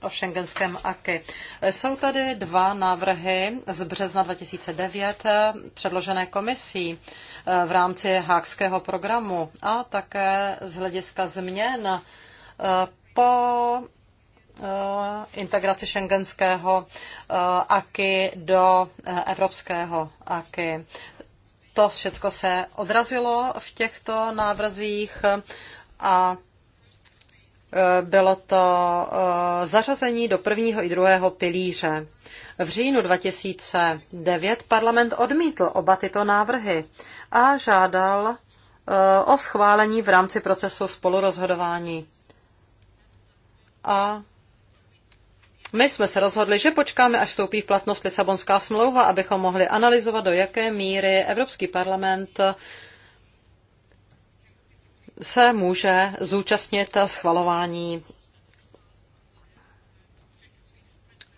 o šengenském AKY. Jsou tady dva návrhy z března 2009 eh, předložené komisí eh, v rámci hákského programu a také z hlediska změn eh, po integraci šengenského AKY do evropského AKY. To všechno se odrazilo v těchto návrzích a Eh, bylo to eh, zařazení do prvního i druhého pilíře. V říjnu 2009 parlament odmítl oba tyto návrhy a žádal eh, o schválení v rámci procesu spolurozhodování. A my jsme se rozhodli, že počkáme, až vstoupí v platnost Lisabonská smlouva, abychom mohli analyzovat, do jaké míry Evropský parlament se může zúčastnit schvalování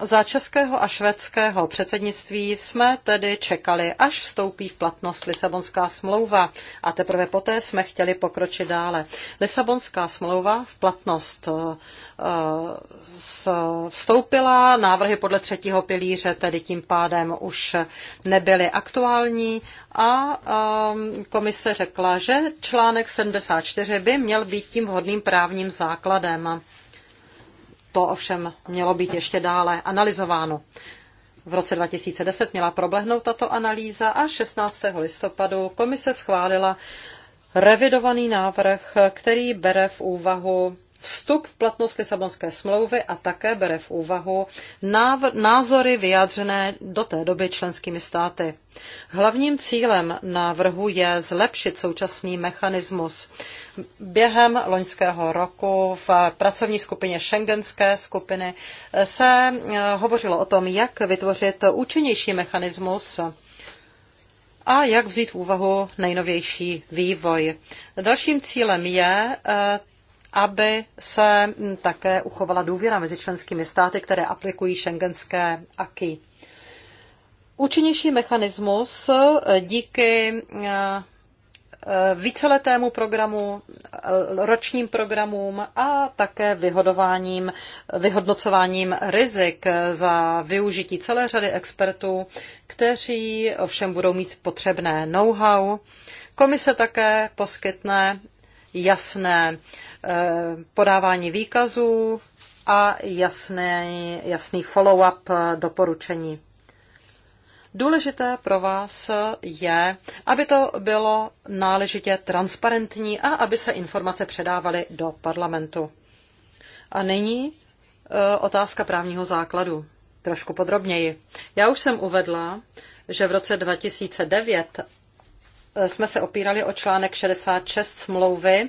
Za českého a švédského předsednictví jsme tedy čekali, až vstoupí v platnost Lisabonská smlouva a teprve poté jsme chtěli pokročit dále. Lisabonská smlouva v platnost eh, vstoupila, návrhy podle třetího pilíře tedy tím pádem už nebyly aktuální a eh, komise řekla, že článek 74 by měl být tím vhodným právním základem. To ovšem mělo být ještě dále analyzováno. V roce 2010 měla problehnout tato analýza a 16. listopadu komise schválila revidovaný návrh, který bere v úvahu vstup v platnost Lisabonské smlouvy a také bere v úvahu názory vyjádřené do té doby členskými státy. Hlavním cílem návrhu je zlepšit současný mechanismus. Během loňského roku v pracovní skupině Schengenské skupiny se eh, hovořilo o tom, jak vytvořit účinnější mechanismus a jak vzít v úvahu nejnovější vývoj. Dalším cílem je eh, aby se také uchovala důvěra mezi členskými státy, které aplikují šengenské aky. Účinnější mechanismus eh, díky eh, víceletému programu, eh, ročním programům a také vyhodováním, vyhodnocováním rizik za využití celé řady expertů, kteří ovšem budou mít potřebné know-how. Komise také poskytne jasné eh, podávání výkazů a jasný, jasný follow-up eh, doporučení. Důležité pro vás je, aby to bylo náležitě transparentní a aby se informace předávaly do parlamentu. A nyní eh, otázka právního základu. Trošku podrobněji. Já už jsem uvedla, že v roce 2009 jsme se opírali o článek 66 smlouvy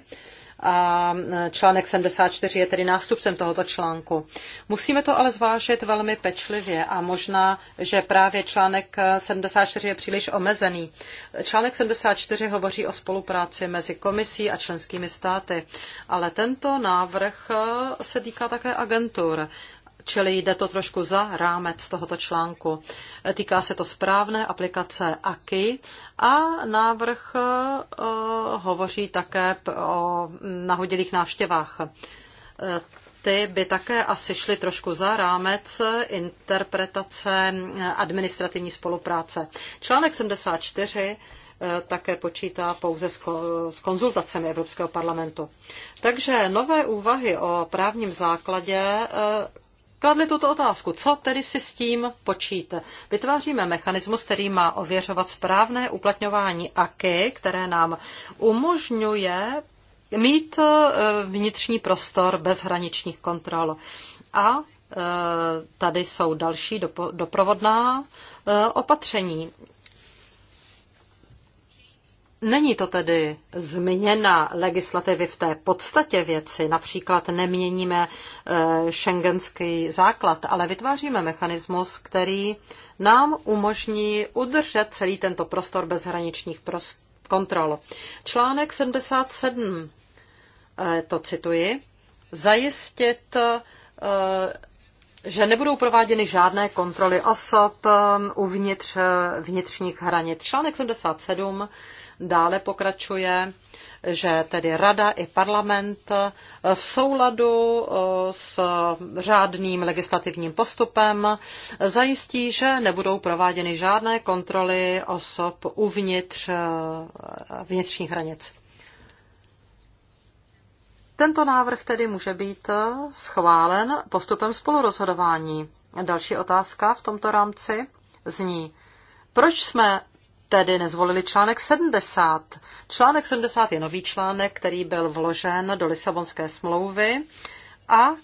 a článek 74 je tedy nástupcem tohoto článku. Musíme to ale zvážit velmi pečlivě a možná, že právě článek 74 je příliš omezený. Článek 74 hovoří o spolupráci mezi komisí a členskými státy, ale tento návrh se týká také agentur čili jde to trošku za rámec tohoto článku. Týká se to správné aplikace AKI a návrh eh, hovoří také o nahodilých návštěvách. Eh, ty by také asi šly trošku za rámec interpretace eh, administrativní spolupráce. Článek 74 také počítá pouze s konzultacemi Evropského parlamentu. Takže nové úvahy o právním základě kladli tuto otázku. Co tedy si s tím počít? Vytváříme mechanismus, který má ověřovat správné uplatňování AKY, které nám umožňuje mít e, vnitřní prostor bez hraničních kontrol. A e, tady jsou další doprovodná e, opatření. Není to tedy změna legislativy v té podstatě věci, například neměníme šengenský eh, základ, ale vytváříme mechanismus, který nám umožní udržet celý tento prostor bezhraničních prost- kontrol. Článek 77, eh, to cituji, zajistit eh, že nebudou prováděny žádné kontroly osob uvnitř vnitřních hranic. Článek 77 Dále pokračuje, že tedy Rada i parlament eh, v souladu eh, s řádným legislativním postupem zajistí, že nebudou prováděny žádné kontroly osob uvnitř eh, vnitřních hranic. Tento návrh tedy může být schválen postupem spolurozhodování. Další otázka v tomto rámci zní, proč jsme tedy nezvolili článek 70. Článek 70 je nový článek, který byl vložen do Lisabonské smlouvy a eh,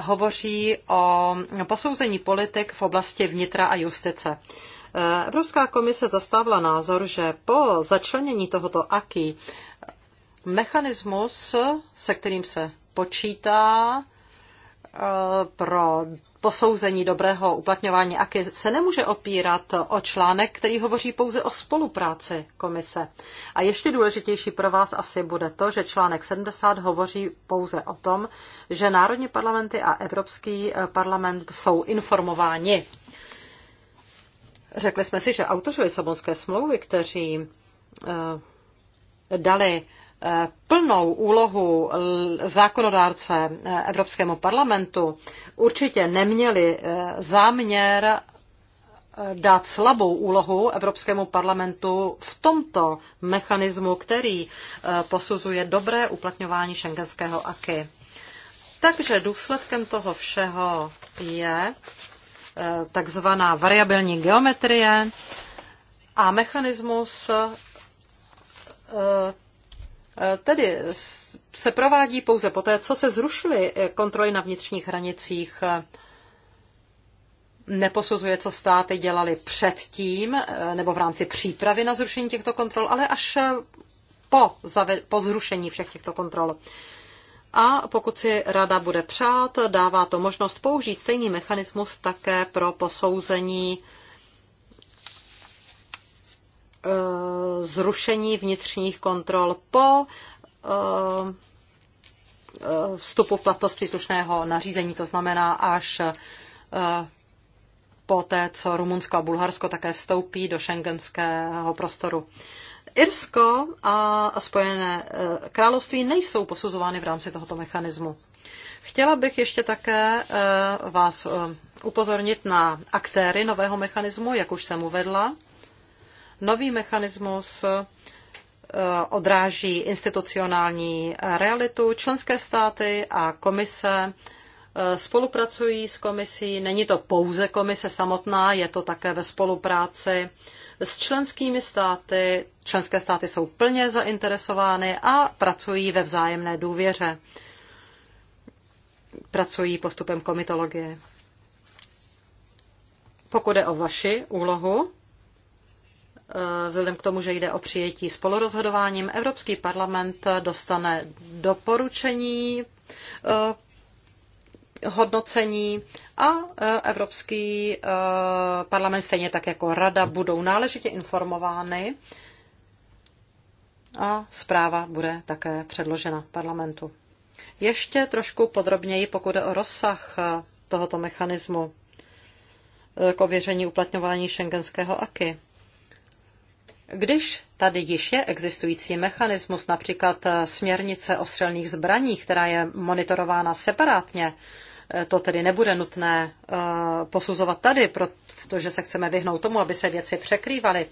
hovoří o posouzení politik v oblasti vnitra a justice. Eh, Evropská komise zastávala názor, že po začlenění tohoto AKI eh, mechanismus, se kterým se počítá pro posouzení dobrého uplatňování AKY se nemůže opírat o článek, který hovoří pouze o spolupráci komise. A ještě důležitější pro vás asi bude to, že článek 70 hovoří pouze o tom, že národní parlamenty a Evropský eh, parlament jsou informováni. Řekli jsme si, že autoři Lisabonské smlouvy, kteří eh, dali plnou úlohu zákonodárce Evropskému parlamentu určitě neměli eh, záměr eh, dát slabou úlohu Evropskému parlamentu v tomto mechanismu, který eh, posuzuje dobré uplatňování šengenského aky. Takže důsledkem toho všeho je takzvaná variabilní geometrie a mechanismus Eh, tedy se provádí pouze poté, co se zrušily eh, kontroly na vnitřních hranicích. Eh, neposuzuje, co státy dělali předtím nebo v rámci přípravy na zrušení těchto kontrol, ale až po, zave- po zrušení všech těchto kontrol. A pokud si rada bude přát, dává to možnost použít stejný mechanismus také pro posouzení Eh, zrušení vnitřních kontrol po eh, eh, vstupu v platnost příslušného nařízení, to znamená až po té, co Rumunsko a Bulharsko také vstoupí do šengenského prostoru. Irsko a Spojené království nejsou posuzovány v rámci tohoto mechanismu. Chtěla bych ještě také vás upozornit na aktéry nového mechanismu, jak už jsem uvedla. Nový mechanismus eh, odráží institucionální realitu. Členské státy a komise eh, spolupracují s komisí. Není to pouze komise samotná, je to také ve spolupráci s členskými státy. Členské státy jsou plně zainteresovány a pracují ve vzájemné důvěře. Pracují postupem komitologie. Pokud je o vaši úlohu, Eh, vzhledem k tomu, že jde o přijetí spolurozhodováním, Evropský parlament dostane doporučení eh, hodnocení a eh, Evropský parlament, stejně tak jako Rada, budou náležitě informovány a zpráva bude také předložena parlamentu. Ještě trošku podrobněji, pokud je o rozsah tohoto mechanismu k ověření uplatňování šengenského aky. Když tady již je existující mechanismus, například eh, směrnice o střelných zbraních, která je monitorována separátně, eh, to tedy nebude nutné eh, posuzovat tady, protože se chceme vyhnout tomu, aby se věci překrývaly.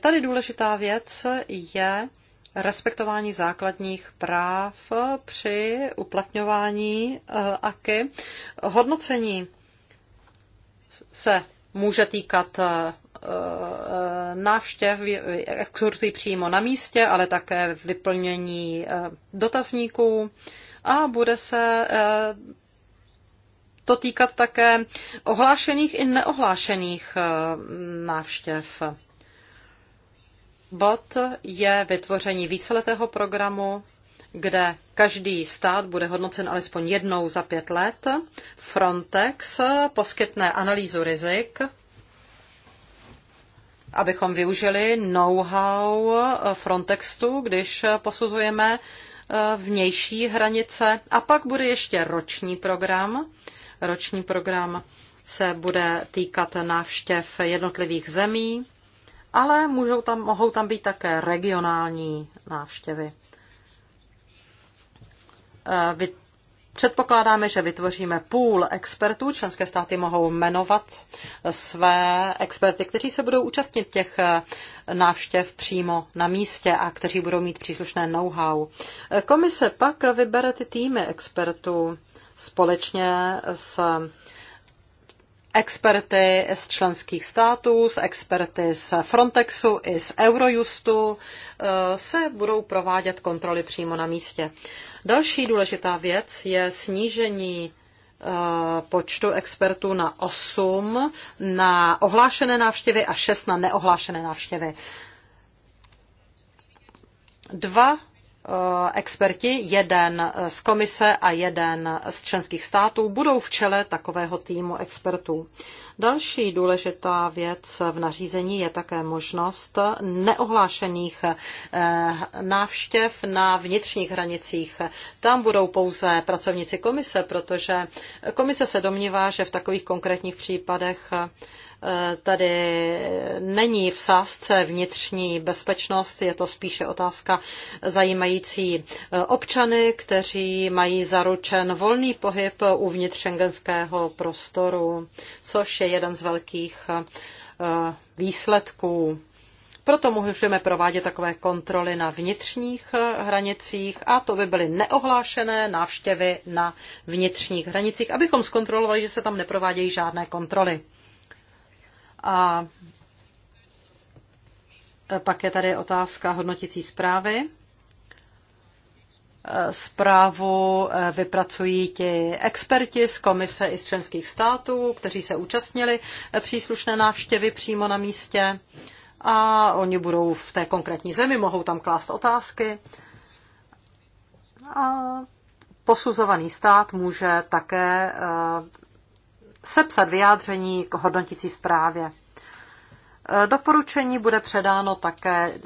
Tady důležitá věc je respektování základních práv při uplatňování AKY. Hodnocení se může týkat Eh, návštěv, eh, exkurzí přímo na místě, ale také vyplnění eh, dotazníků a bude se to týkat také ohlášených i neohlášených návštěv. Bod je vytvoření víceletého programu, kde každý stát bude hodnocen alespoň jednou za pět let. Frontex poskytne analýzu rizik abychom využili know-how eh, Frontextu, když eh, posuzujeme eh, vnější hranice. A pak bude ještě roční program. Roční program se bude týkat návštěv jednotlivých zemí, ale můžou tam, mohou tam být také regionální návštěvy Předpokládáme, že vytvoříme půl expertů. Členské státy mohou jmenovat své experty, kteří se budou účastnit těch eh, návštěv přímo na místě a kteří budou mít příslušné know-how. Komise pak vybere ty týmy expertů společně s experty z členských států, z experty z Frontexu i z Eurojustu eh, se budou provádět kontroly přímo na místě. Další důležitá věc je snížení eh, počtu expertů na 8 na ohlášené návštěvy a 6 na neohlášené návštěvy. Dva Eh, experti, jeden eh, z komise a jeden eh, z členských států, budou v čele takového týmu expertů. Další důležitá věc v nařízení je také možnost neohlášených návštěv na vnitřních hranicích. Tam budou pouze pracovníci komise, protože komise se domnívá, že v takových konkrétních případech Eh, tady není v sázce vnitřní bezpečnost, je to spíše otázka zajímající eh, občany, kteří mají zaručen volný pohyb uvnitř šengenského prostoru, což je jeden z velkých eh, výsledků proto můžeme provádět takové kontroly na vnitřních hranicích a to by byly neohlášené návštěvy na vnitřních hranicích, abychom zkontrolovali, že se tam neprovádějí žádné kontroly. A pak je tady otázka hodnotící zprávy. Zprávu vypracují ti experti z komise i z členských států, kteří se účastnili příslušné návštěvy přímo na místě. A oni budou v té konkrétní zemi, mohou tam klást otázky. A posuzovaný stát může také sepsat vyjádření k hodnotící zprávě. E, doporučení bude předáno také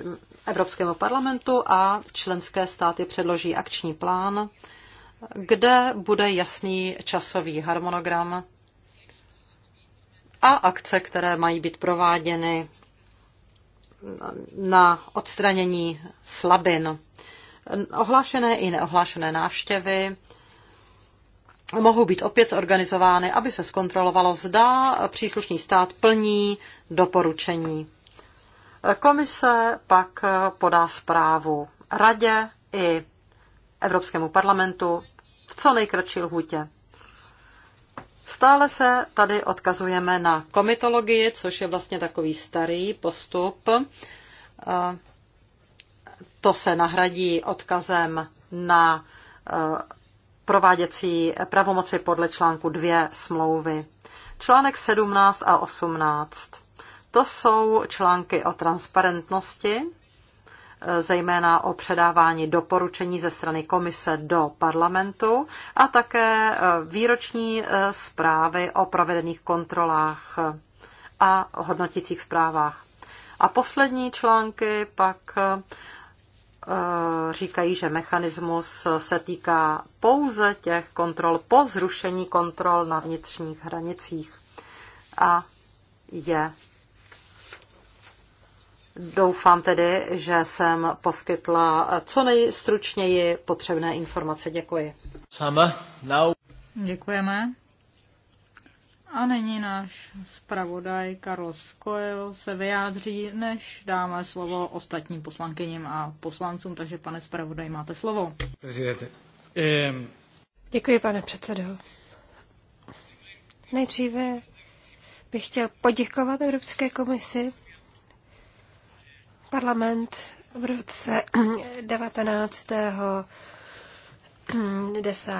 Evropskému parlamentu a členské státy předloží akční plán, kde bude jasný časový harmonogram a akce, které mají být prováděny na odstranění slabin. Ohlášené i neohlášené návštěvy mohou být opět zorganizovány, aby se zkontrolovalo, zda příslušný stát plní doporučení. Komise pak podá zprávu radě i Evropskému parlamentu v co nejkratší lhůtě. Stále se tady odkazujeme na komitologii, což je vlastně takový starý postup. Eh, to se nahradí odkazem na eh, prováděcí pravomoci podle článku 2 smlouvy. Článek 17 a 18. To jsou články o transparentnosti, eh, zejména o předávání doporučení ze strany komise do parlamentu a také eh, výroční eh, zprávy o provedených kontrolách a hodnotících zprávách. A poslední články pak Eh, říkají, že mechanismus se týká pouze těch kontrol po zrušení kontrol na vnitřních hranicích a je. Doufám tedy, že jsem poskytla co nejstručněji potřebné informace. Děkuji. Sama, now. Děkujeme. A nyní náš zpravodaj Carlos Coelho se vyjádří, než dáme slovo ostatním poslankyním a poslancům. Takže, pane zpravodaj, máte slovo. Děkuji, pane předsedo. Nejdříve bych chtěl poděkovat Evropské komisi. Parlament v roce 19. 10.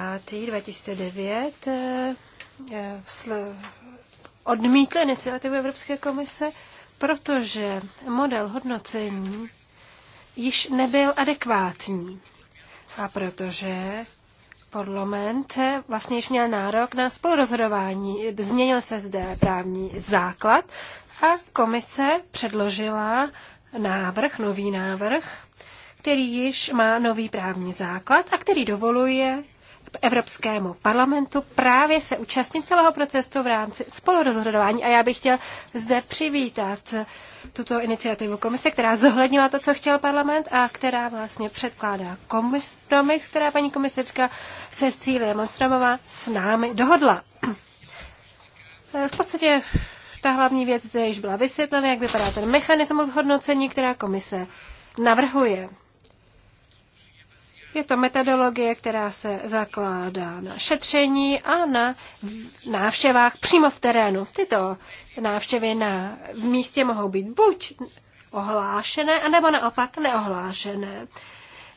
2009 Eh, odmítl iniciativu Evropské komise, protože model hodnocení již nebyl adekvátní. A protože parlament vlastně již měl nárok na spolurozhodování. Změnil se zde právní základ a komise předložila návrh, nový návrh, který již má nový právní základ a který dovoluje Evropskému parlamentu právě se účastnit celého procesu v rámci spolurozhodování. A já bych chtěl zde přivítat tuto iniciativu komise, která zohlednila to, co chtěl parlament a která vlastně předkládá kompromis, která paní komisařka Cecílie Monstromová s námi dohodla. V podstatě ta hlavní věc zde již byla vysvětlena, jak vypadá ten mechanismus hodnocení, která komise navrhuje. Je to metodologie, která se zakládá na šetření a na návštěvách přímo v terénu. Tyto návštěvy na v místě mohou být buď ohlášené, anebo naopak neohlášené.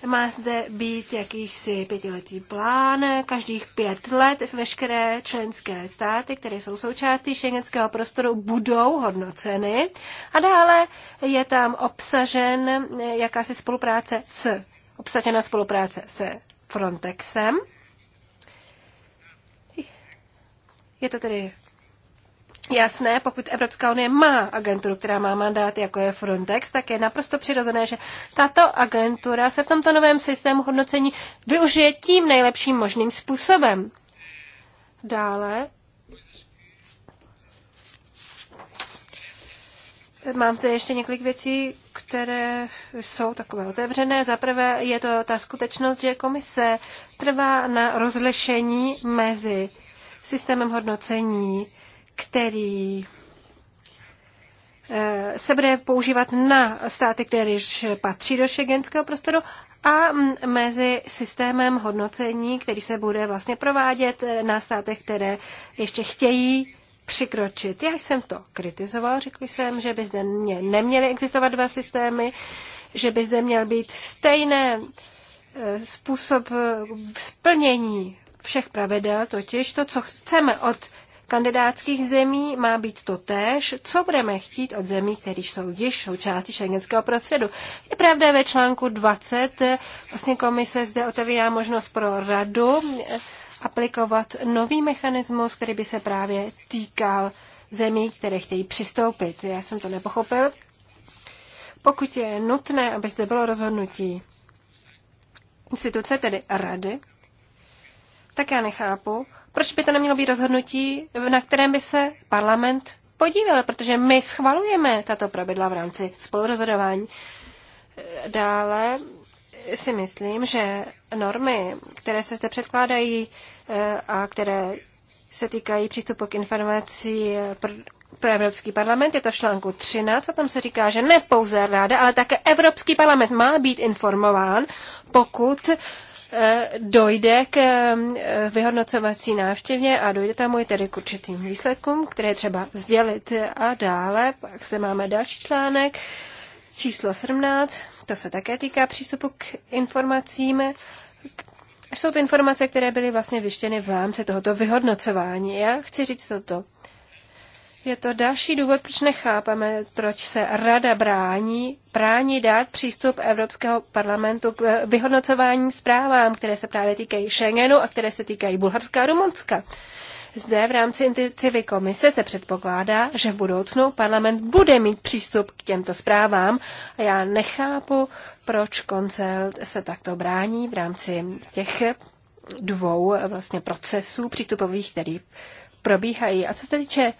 Má zde být jakýsi pětiletý plán. Každých pět let veškeré členské státy, které jsou součástí šengenského prostoru, budou hodnoceny. A dále je tam obsažen jakási spolupráce s obsažena spolupráce se Frontexem. Je to tedy jasné, pokud Evropská unie má agenturu, která má mandát, jako je Frontex, tak je naprosto přirozené, že tato agentura se v tomto novém systému hodnocení využije tím nejlepším možným způsobem. Dále Mám zde ještě několik věcí, které jsou takové otevřené. Za prvé je to ta skutečnost, že komise trvá na rozlišení mezi systémem hodnocení, který eh, se bude používat na státy, které patří do šegenského prostoru a mm, mezi systémem hodnocení, který se bude vlastně provádět eh, na státech, které ještě chtějí přikročit. Já jsem to kritizoval, řekl jsem, že by zde neměly existovat dva systémy, že by zde měl být stejné e, způsob e, splnění všech pravidel, totiž to, co chceme od kandidátských zemí má být to též, co budeme chtít od zemí, které jsou již součástí šengenského prostředu. Je pravda, ve článku 20 e, vlastně komise zde otevírá možnost pro radu aplikovat nový mechanismus, který by se právě týkal zemí, které chtějí přistoupit. Já jsem to nepochopil. Pokud je nutné, aby zde bylo rozhodnutí instituce, tedy rady, tak já nechápu, proč by to nemělo být rozhodnutí, na kterém by se parlament podíval, protože my schvalujeme tato pravidla v rámci spolurozhodování. Dále si myslím, že normy, které se zde předkládají eh, a které se týkají přístupu k informací eh, pro Evropský parlament, je to v článku 13 a tam se říká, že ne pouze ráda, ale také Evropský parlament má být informován, pokud eh, dojde k vyhodnocovací návštěvě a dojde tam i tedy k určitým výsledkům, které třeba sdělit. A dále, pak se máme další článek, číslo 17, to se také týká přístupu k informacím. Jsou to informace, které byly vlastně vyštěny v rámci tohoto vyhodnocování. Já chci říct toto. Je to další důvod, proč nechápeme, proč se rada brání, brání dát přístup Evropského parlamentu k vyhodnocování zprávám, které se právě týkají Schengenu a které se týkají Bulharska a Rumunska. Zde v rámci intenzivy komise se předpokládá, že v budoucnu parlament bude mít přístup k těmto zprávám a já nechápu, proč koncel se takto brání v rámci těch dvou eh, vlastně procesů přístupových, které probíhají. A co se týče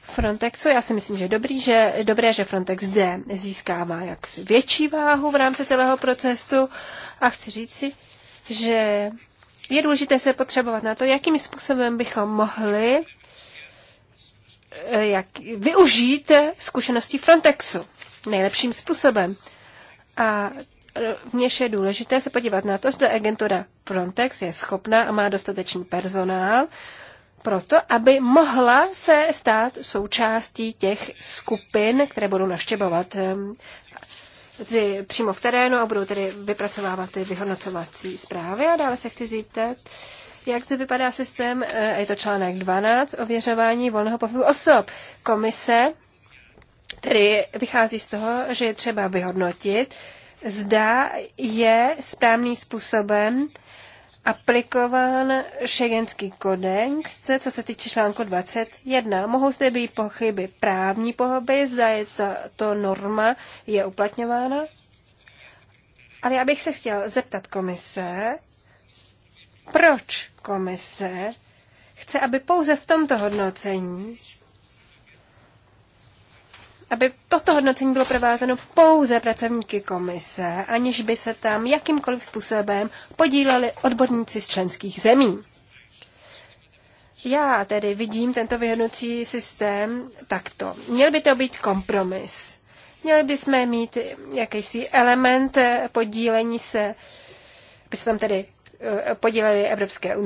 Frontexu, já si myslím, že je dobrý, že, dobré, že Frontex zde získává jak větší váhu v rámci celého procesu a chci říci, že je důležité se potřebovat na to, jakým způsobem bychom mohli eh, jak, využít zkušenosti Frontexu nejlepším způsobem. A rovněž je důležité se podívat na to, zda agentura Frontex je schopná a má dostatečný personál proto, aby mohla se stát součástí těch skupin, které budou naštěbovat eh, ty přímo v terénu a budou tedy vypracovávat ty vyhodnocovací zprávy. A dále se chci zeptat, jak se vypadá systém, e, je to článek 12, ověřování volného pohybu osob. Komise tedy vychází z toho, že je třeba vyhodnotit, zda je správným způsobem aplikován šegenský kodex, co se týče článku 21. Mohou zde být pochyby právní pohoby, zda je to, to norma je uplatňována. Ale já bych se chtěl zeptat komise, proč komise chce, aby pouze v tomto hodnocení aby toto hodnocení bylo provázeno pouze pracovníky komise, aniž by se tam jakýmkoliv způsobem podíleli odborníci z členských zemí. Já tedy vidím tento vyhodnocí systém takto. Měl by to být kompromis. Měli bychom mít jakýsi element podílení se, by se tam tedy Eh, podílely evropské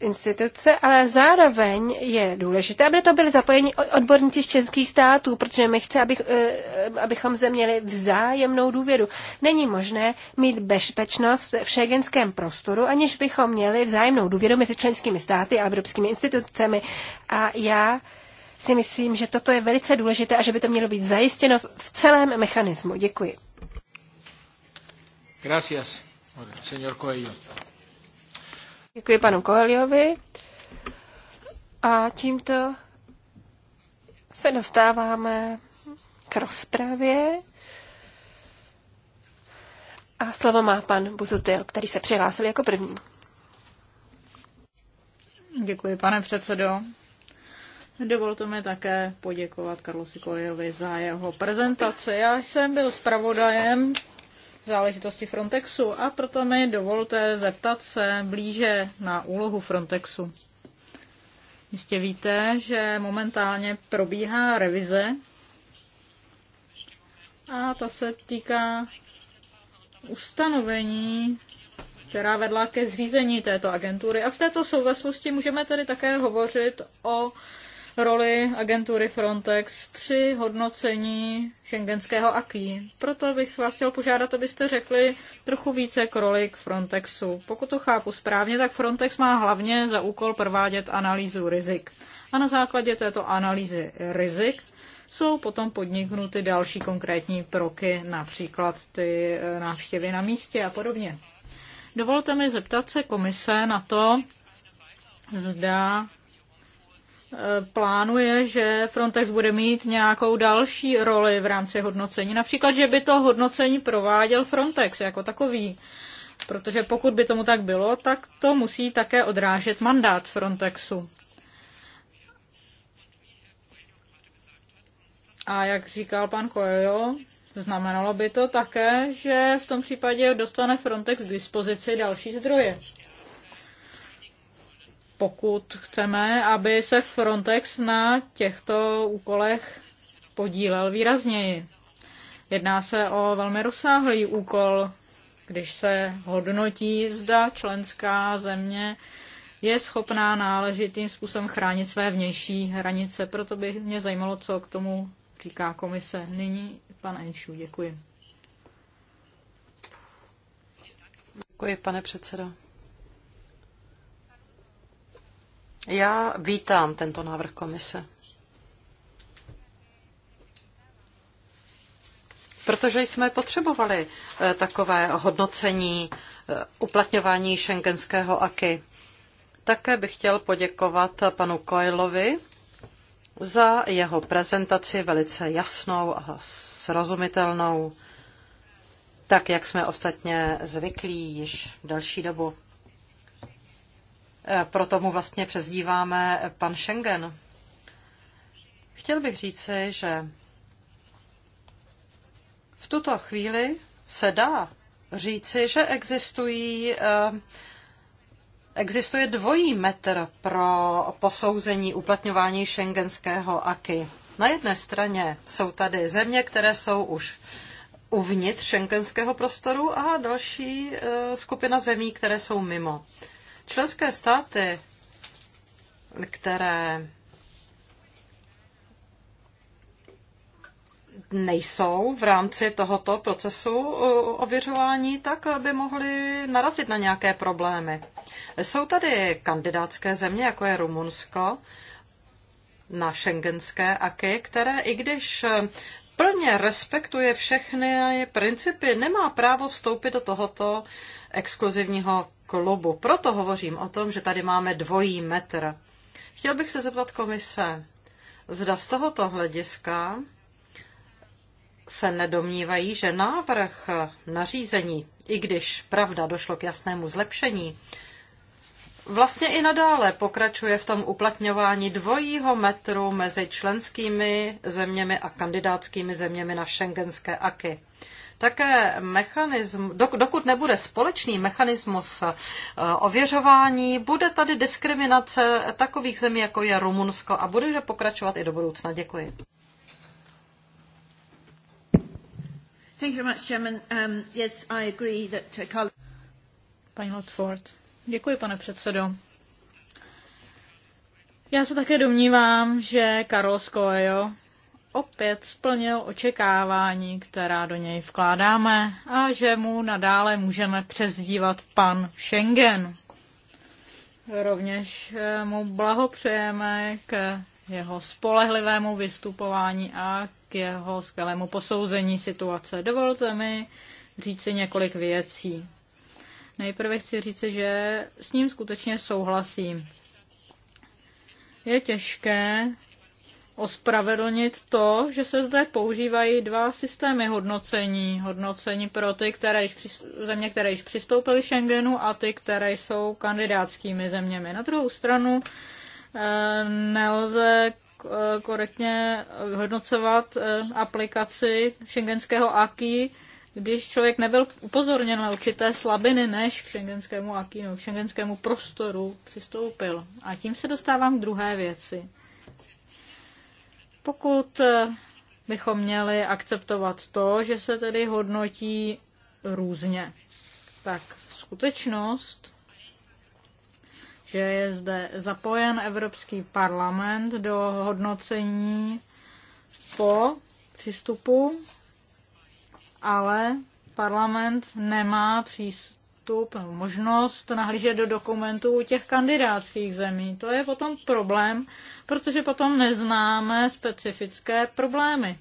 instituce, ale zároveň je důležité, aby to byly zapojeni odborníci z českých států, protože my chceme, abych, eh, abychom zde měli vzájemnou důvěru. Není možné mít bezpečnost v šegenském prostoru, aniž bychom měli vzájemnou důvěru mezi členskými státy a evropskými institucemi. A já si myslím, že toto je velice důležité a že by to mělo být zajistěno v celém mechanismu. Děkuji. Gracias, señor Coelho. Děkuji panu Koeliovi. A tímto se dostáváme k rozpravě. A slovo má pan Buzutil, který se přihlásil jako první. Děkuji, pane předsedo. Dovolte mi také poděkovat Karlosi Kojovi za jeho prezentaci. Já jsem byl zpravodajem záležitosti Frontexu a proto mi dovolte zeptat se blíže na úlohu Frontexu. Jistě víte, že momentálně probíhá revize a ta se týká ustanovení, která vedla ke zřízení této agentury. A v této souvislosti můžeme tedy také hovořit o roli agentury Frontex při hodnocení šengenského aký. Proto bych vás chtěl požádat, abyste řekli trochu více k roli k Frontexu. Pokud to chápu správně, tak Frontex má hlavně za úkol provádět analýzu rizik. A na základě této analýzy rizik jsou potom podniknuty další konkrétní kroky, například ty eh, návštěvy na místě a podobně. Dovolte mi zeptat se komise na to, zda plánuje, že Frontex bude mít nějakou další roli v rámci hodnocení. Například, že by to hodnocení prováděl Frontex jako takový. Protože pokud by tomu tak bylo, tak to musí také odrážet mandát Frontexu. A jak říkal pan Coelho, znamenalo by to také, že v tom případě dostane Frontex k dispozici další zdroje pokud chceme, aby se Frontex na těchto úkolech podílel výrazněji. Jedná se o velmi rozsáhlý úkol, když se hodnotí, zda členská země je schopná náležitým způsobem chránit své vnější hranice. Proto by mě zajímalo, co k tomu říká komise. Nyní pan Enšu, děkuji. Děkuji, pane předsedo. Já vítám tento návrh komise. protože jsme potřebovali eh, takové hodnocení eh, uplatňování šengenského aky. Také bych chtěl poděkovat panu Koilovi za jeho prezentaci velice jasnou a srozumitelnou, tak jak jsme ostatně zvyklí již další dobu. Eh, proto mu vlastně přezdíváme pan Schengen. Chtěl bych říci, že v tuto chvíli se dá říci, že existují, eh, existuje dvojí metr pro posouzení uplatňování šengenského aky. Na jedné straně jsou tady země, které jsou už uvnitř šengenského prostoru a další eh, skupina zemí, které jsou mimo. Členské státy, které nejsou v rámci tohoto procesu ověřování, tak by mohli narazit na nějaké problémy. Jsou tady kandidátské země, jako je Rumunsko, na šengenské aky, které i když plně respektuje všechny principy, nemá právo vstoupit do tohoto exkluzivního klubu. Proto hovořím o tom, že tady máme dvojí metr. Chtěl bych se zeptat komise, zda z tohoto hlediska se nedomnívají, že návrh nařízení, i když pravda došlo k jasnému zlepšení, vlastně i nadále pokračuje v tom uplatňování dvojího metru mezi členskými zeměmi a kandidátskými zeměmi na šengenské aky. Také mechanism, dokud nebude společný mechanismus eh, ověřování, bude tady diskriminace takových zemí, jako je Rumunsko a bude pokračovat i do budoucna. Děkuji. Thank you very much, Chairman. Um, yes, I agree that uh, Paní Hotford. Děkuji, pane předsedo. Já se také domnívám, že Carlos Coelho opět splnil očekávání, která do něj vkládáme a že mu nadále můžeme přezdívat pan Schengen. Rovněž eh, mu blahopřejeme k jeho spolehlivému vystupování a k jeho skvělému posouzení situace. Dovolte mi říci několik věcí. Nejprve chci říci, že s ním skutečně souhlasím. Je těžké ospravedlnit to, že se zde používají dva systémy hodnocení. Hodnocení pro ty které již při, země, které již přistoupily Schengenu a ty, které jsou kandidátskými zeměmi. Na druhou stranu eh, nelze eh, korektně hodnocovat eh, aplikaci šengenského AKI, když člověk nebyl upozorněn na určité slabiny, než k šengenskému AKI, no, k šengenskému prostoru přistoupil. A tím se dostávám k druhé věci. Pokud bychom měli akceptovat to, že se tedy hodnotí různě, tak skutečnost, že je zde zapojen Evropský parlament do hodnocení po přístupu, ale parlament nemá přístup přístup, možnost nahlížet do dokumentů těch kandidátských zemí. To je potom problém, protože potom neznáme specifické problémy.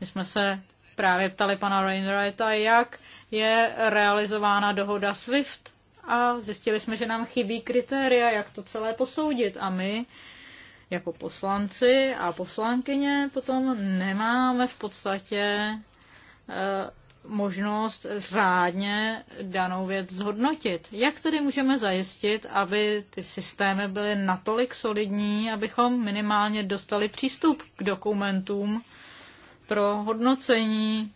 My jsme se právě ptali pana Rainwrighta, jak je realizována dohoda SWIFT a zjistili jsme, že nám chybí kritéria, jak to celé posoudit a my jako poslanci a poslankyně potom nemáme v podstatě eh, možnost řádně danou věc zhodnotit. Jak tedy můžeme zajistit, aby ty systémy byly natolik solidní, abychom minimálně dostali přístup k dokumentům pro hodnocení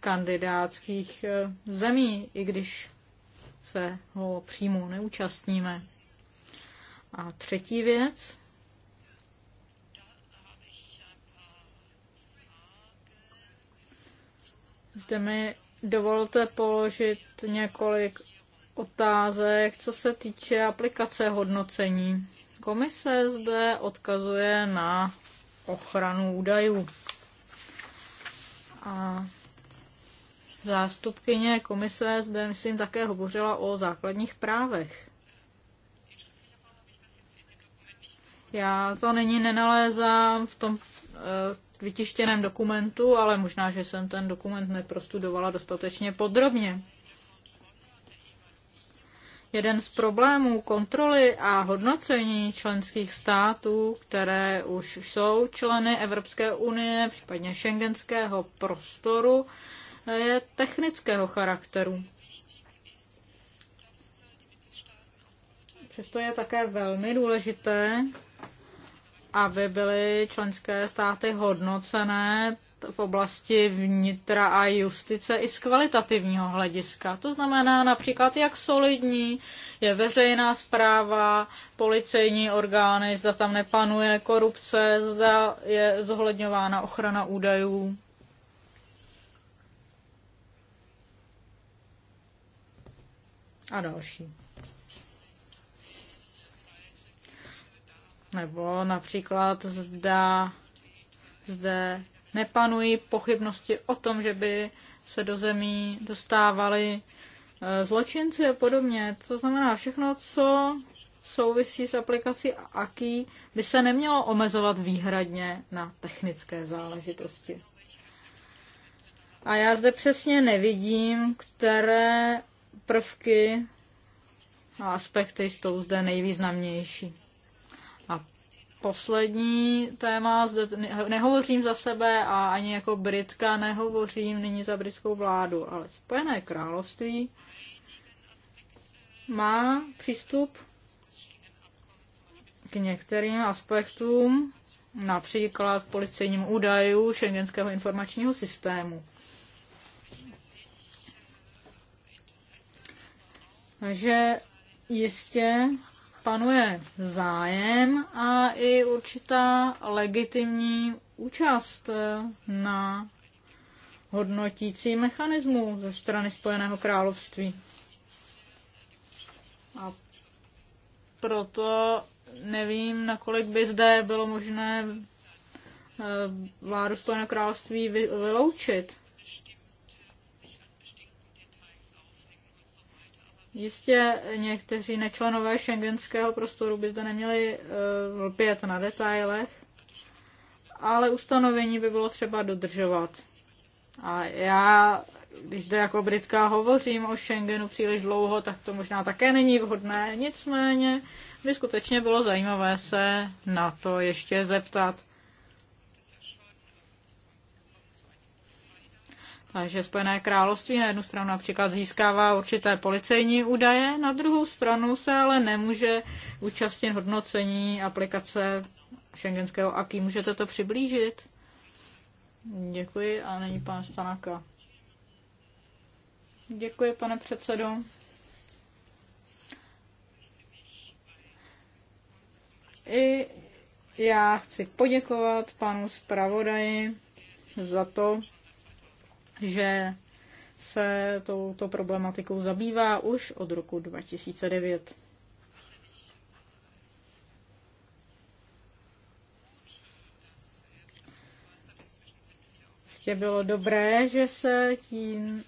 kandidátských eh, zemí, i když se ho přímo neúčastníme. A třetí věc, Zde mi dovolte položit několik otázek, co se týče aplikace hodnocení. Komise zde odkazuje na ochranu údajů. A zástupkyně komise zde, myslím, také hovořila o základních právech. Já to není nenalézám v tom eh, k vytištěném dokumentu, ale možná, že jsem ten dokument neprostudovala dostatečně podrobně. Jeden z problémů kontroly a hodnocení členských států, které už jsou členy Evropské unie, případně šengenského prostoru, je technického charakteru. Přesto je také velmi důležité, aby byly členské státy hodnocené v oblasti vnitra a justice i z kvalitativního hlediska. To znamená například, jak solidní je veřejná zpráva, policejní orgány, zda tam nepanuje korupce, zda je zohledňována ochrana údajů. A další. Nebo například zda zde nepanují pochybnosti o tom, že by se do zemí dostávali e, zločinci a podobně. To znamená všechno, co souvisí s aplikací AKI, by se nemělo omezovat výhradně na technické záležitosti. A já zde přesně nevidím, které prvky a aspekty jsou zde nejvýznamnější. A poslední téma, zde nehovořím za sebe a ani jako Britka nehovořím nyní za britskou vládu, ale Spojené království má přístup k některým aspektům, například policejním údajů šengenského informačního systému. Takže jistě panuje zájem a i určitá legitimní účast eh, na hodnotící mechanismu ze strany Spojeného království. A proto nevím, nakolik by zde bylo možné eh, vládu Spojeného království vyloučit. Jistě někteří nečlenové šengenského prostoru by zde neměli eh, lpět na detailech, ale ustanovení by bylo třeba dodržovat. A já, když zde jako Britka hovořím o Schengenu příliš dlouho, tak to možná také není vhodné. Nicméně by skutečně bylo zajímavé se na to ještě zeptat. že Spojené království na jednu stranu například získává určité policejní údaje, na druhou stranu se ale nemůže účastnit hodnocení aplikace šengenského aký. Můžete to přiblížit? Děkuji a není pan Stanaka. Děkuji, pane předsedo. I já chci poděkovat panu zpravodaji za to, že se touto problematikou zabývá už od roku 2009. Vlastně bylo dobré, že se tím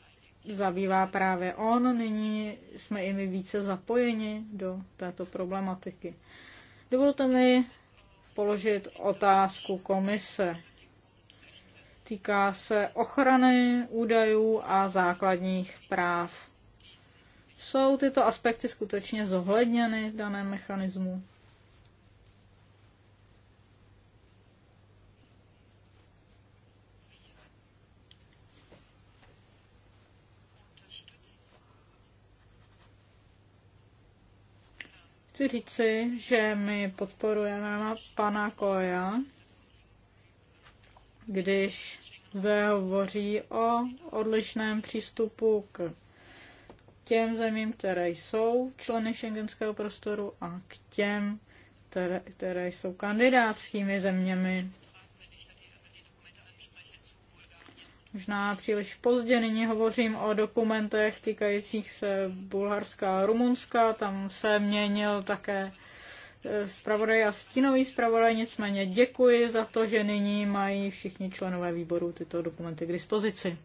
zabývá právě on. Nyní jsme i my více zapojeni do této problematiky. Dovolte mi položit otázku komise. Týká se ochrany údajů a základních práv. Jsou tyto aspekty skutečně zohledněny v daném mechanismu? chci říci, že my podporujeme pana Koja když zde hovoří o odlišném přístupu k těm zemím, které jsou členy šengenského prostoru a k těm, které, které jsou kandidátskými zeměmi. Možná příliš pozdě nyní hovořím o dokumentech týkajících se Bulharska a Rumunska. Tam se měnil také zpravodaj a stínový zpravodaj, nicméně děkuji za to, že nyní mají všichni členové výboru tyto dokumenty k dispozici.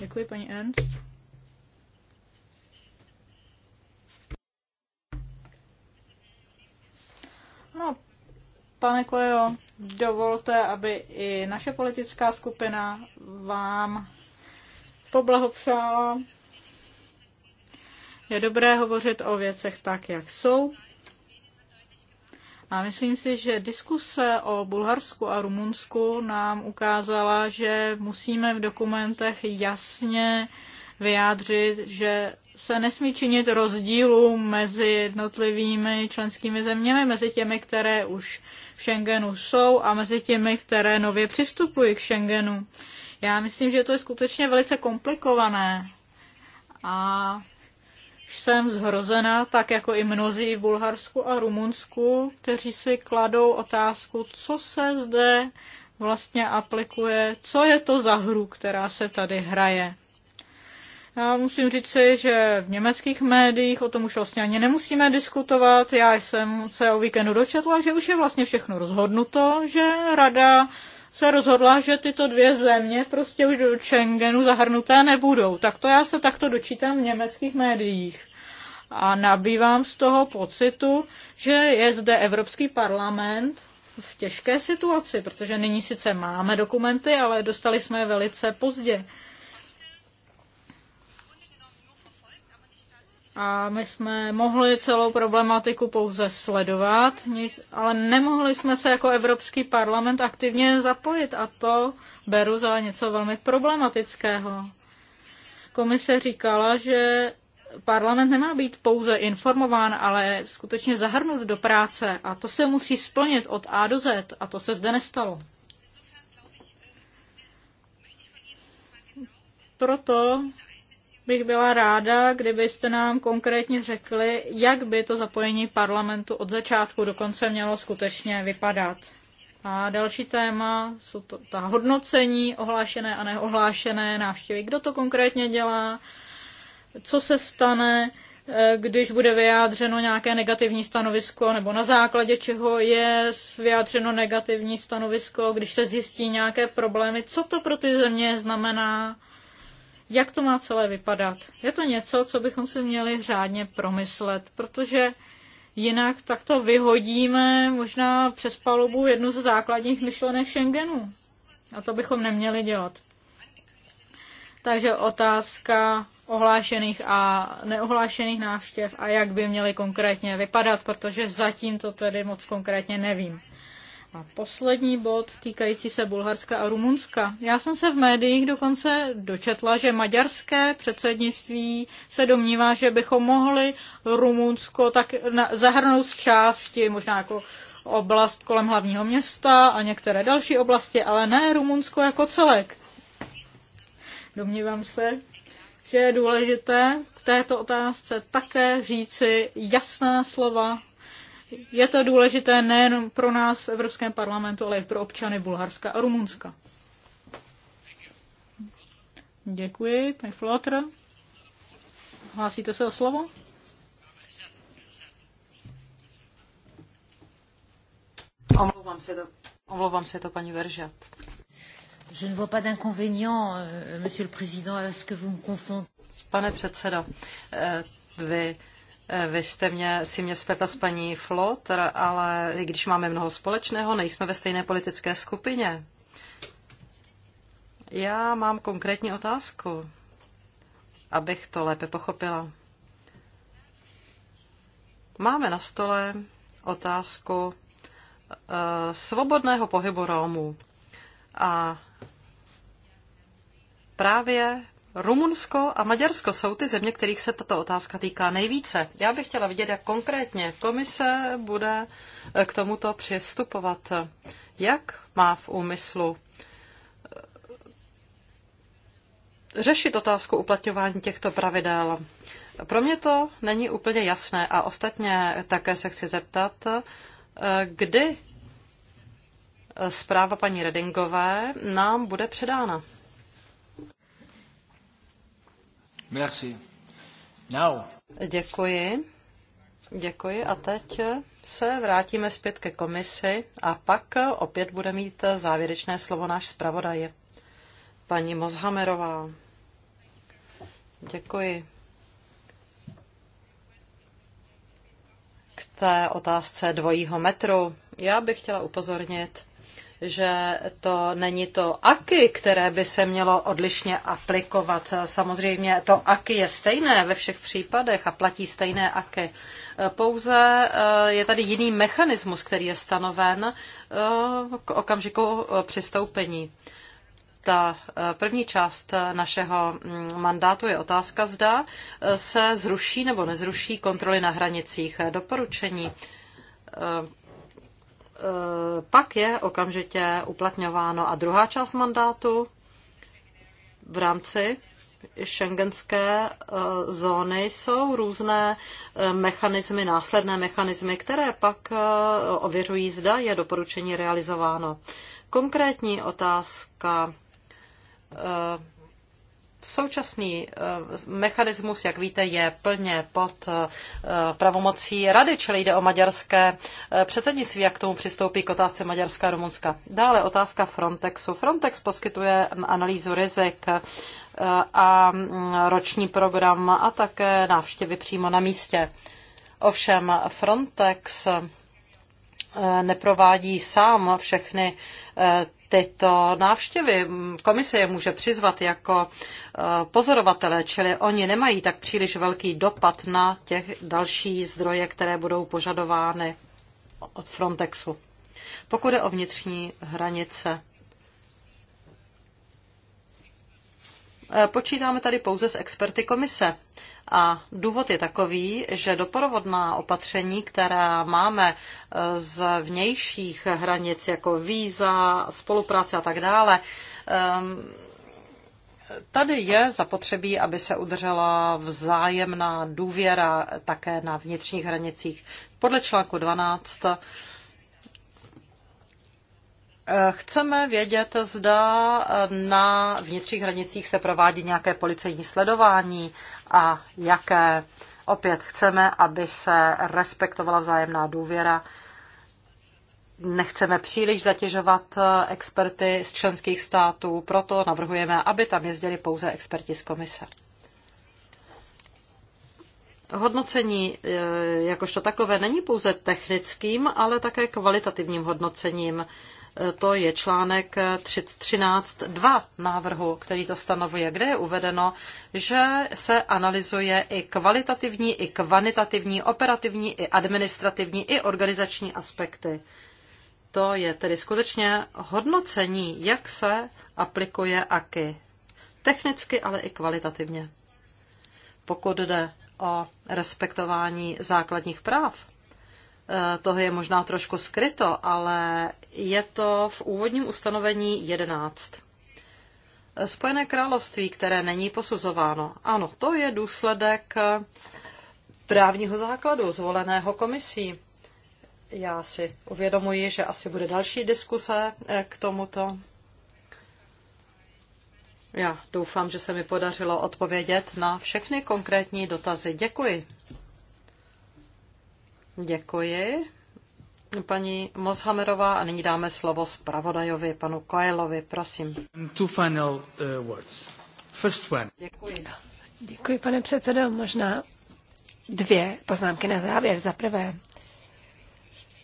Děkuji, paní Ernst. No, pane Kojo, dovolte, aby i naše politická skupina vám poblahopřála. Je dobré hovořit o věcech tak, jak jsou, a myslím si, že diskuse o Bulharsku a Rumunsku nám ukázala, že musíme v dokumentech jasně vyjádřit, že se nesmí činit rozdílů mezi jednotlivými členskými zeměmi, mezi těmi, které už v Schengenu jsou a mezi těmi, které nově přistupují k Schengenu. Já myslím, že to je skutečně velice komplikované a jsem zhrozená, tak jako i mnozí v Bulharsku a Rumunsku, kteří si kladou otázku, co se zde vlastně aplikuje, co je to za hru, která se tady hraje. Já musím říci, že v německých médiích o tom už vlastně ani nemusíme diskutovat. Já jsem se o víkendu dočetla, že už je vlastně všechno rozhodnuto, že rada se rozhodla, že tyto dvě země prostě už do Schengenu zahrnuté nebudou. Tak to já se takto dočítám v německých médiích. A nabývám z toho pocitu, že je zde Evropský parlament v těžké situaci, protože nyní sice máme dokumenty, ale dostali jsme je velice pozdě. A my jsme mohli celou problematiku pouze sledovat, ale nemohli jsme se jako Evropský parlament aktivně zapojit a to beru za něco velmi problematického. Komise říkala, že parlament nemá být pouze informován, ale skutečně zahrnut do práce a to se musí splnit od A do Z a to se zde nestalo. Proto bych byla ráda, kdybyste nám konkrétně řekli, jak by to zapojení parlamentu od začátku do konce mělo skutečně vypadat. A další téma jsou to ta hodnocení ohlášené a neohlášené návštěvy. Kdo to konkrétně dělá? Co se stane, eh, když bude vyjádřeno nějaké negativní stanovisko, nebo na základě čeho je vyjádřeno negativní stanovisko, když se zjistí nějaké problémy? Co to pro ty země znamená? jak to má celé vypadat. Je to něco, co bychom si měli řádně promyslet, protože jinak takto vyhodíme možná přes palubu jednu ze základních myšlenek Schengenu. A to bychom neměli dělat. Takže otázka ohlášených a neohlášených návštěv a jak by měly konkrétně vypadat, protože zatím to tedy moc konkrétně nevím. A poslední bod týkající se Bulharska a Rumunska. Já jsem se v médiích dokonce dočetla, že maďarské předsednictví se domnívá, že bychom mohli Rumunsko tak zahrnout z části, možná jako oblast kolem hlavního města a některé další oblasti, ale ne Rumunsko jako celek. Domnívám se, že je důležité k této otázce také říci jasná slova je to důležité nejen pro nás v Evropském parlamentu, ale i pro občany Bulharska a Rumunska. Děkuji, paní Flotr. Hlásíte se o slovo? Omlouvám se to, omlouvám se to paní Veržat. Je ne vois pas d'inconvénient, euh, monsieur le président, à ce que vous me confondez. Pane předsedo, eh, vy Eh, vy jste mě, si mě spletla s paní Flotr, ale když máme mnoho společného, nejsme ve stejné politické skupině. Já mám konkrétní otázku, abych to lépe pochopila. Máme na stole otázku eh, svobodného pohybu Rómů. A právě Rumunsko a Maďarsko jsou ty země, kterých se tato otázka týká nejvíce. Já bych chtěla vidět, jak konkrétně komise bude eh, k tomuto přistupovat. Jak má v úmyslu eh, řešit otázku uplatňování těchto pravidel? Pro mě to není úplně jasné a ostatně také se chci zeptat, eh, kdy zpráva paní Redingové nám bude předána. Merci. Now. Děkuji. Děkuji a teď se vrátíme zpět ke komisi a pak opět bude mít závěrečné slovo náš zpravodaj, paní Mozhamerová. Děkuji. K té otázce dvojího metru já bych chtěla upozornit že to není to AKY, které by se mělo odlišně aplikovat. Samozřejmě to AKY je stejné ve všech případech a platí stejné AKY. Pouze eh, je tady jiný mechanismus, který je stanoven eh, k okamžiku eh, přistoupení. Ta první část našeho mm, mandátu je otázka, zda se zruší nebo nezruší kontroly na hranicích. Doporučení Eh, pak je okamžitě uplatňováno. A druhá část mandátu v rámci šengenské eh, zóny jsou různé eh, mechanismy, následné mechanismy, které pak ověřují, zda je doporučení realizováno. Konkrétní otázka Současný eh, mechanismus, jak víte, je plně pod eh, pravomocí rady, čili jde o maďarské eh, předsednictví, jak k tomu přistoupí k otázce Maďarska a Rumunska. Dále otázka Frontexu. Frontex poskytuje analýzu rizik a mm, roční program a také návštěvy přímo na místě. Ovšem Frontex neprovádí sám všechny tyto návštěvy. Komise je může přizvat jako eh, pozorovatele, čili oni nemají tak příliš velký dopad na těch další zdroje, které budou požadovány od Frontexu. Pokud je o vnitřní hranice, eh, počítáme tady pouze s experty komise. A důvod je takový, že doprovodná opatření, která máme e, z vnějších hranic, jako víza, spolupráce a tak dále, tady je zapotřebí, aby se udržela vzájemná důvěra také na vnitřních hranicích. Podle článku 12 e, Chceme vědět, zda na vnitřních hranicích se provádí nějaké policejní sledování a jaké. Opět chceme, aby se respektovala vzájemná důvěra. Nechceme příliš zatěžovat eh, experty z členských států, proto navrhujeme, aby tam jezdili pouze experti z komise. Hodnocení eh, jakožto takové není pouze technickým, ale také kvalitativním hodnocením to je článek 13.2 návrhu, který to stanovuje, kde je uvedeno, že se analyzuje i kvalitativní, i kvantitativní, operativní, i administrativní, i organizační aspekty. To je tedy skutečně hodnocení, jak se aplikuje AKY. Technicky, ale i kvalitativně. Pokud jde o respektování základních práv, Eh, toho je možná trošku skryto, ale je to v úvodním ustanovení 11. Eh, Spojené království, které není posuzováno. Ano, to je důsledek právního základu zvoleného komisí. Já si uvědomuji, že asi bude další diskuse eh, k tomuto. Já doufám, že se mi podařilo odpovědět na všechny konkrétní dotazy. Děkuji. Děkuji. Paní Mozhamerová a nyní dáme slovo zpravodajovi, panu Koelovi, prosím. Two final uh, words. First one. Děkuji. Děkuji, pane předsedo. Možná dvě poznámky na závěr. Za prvé,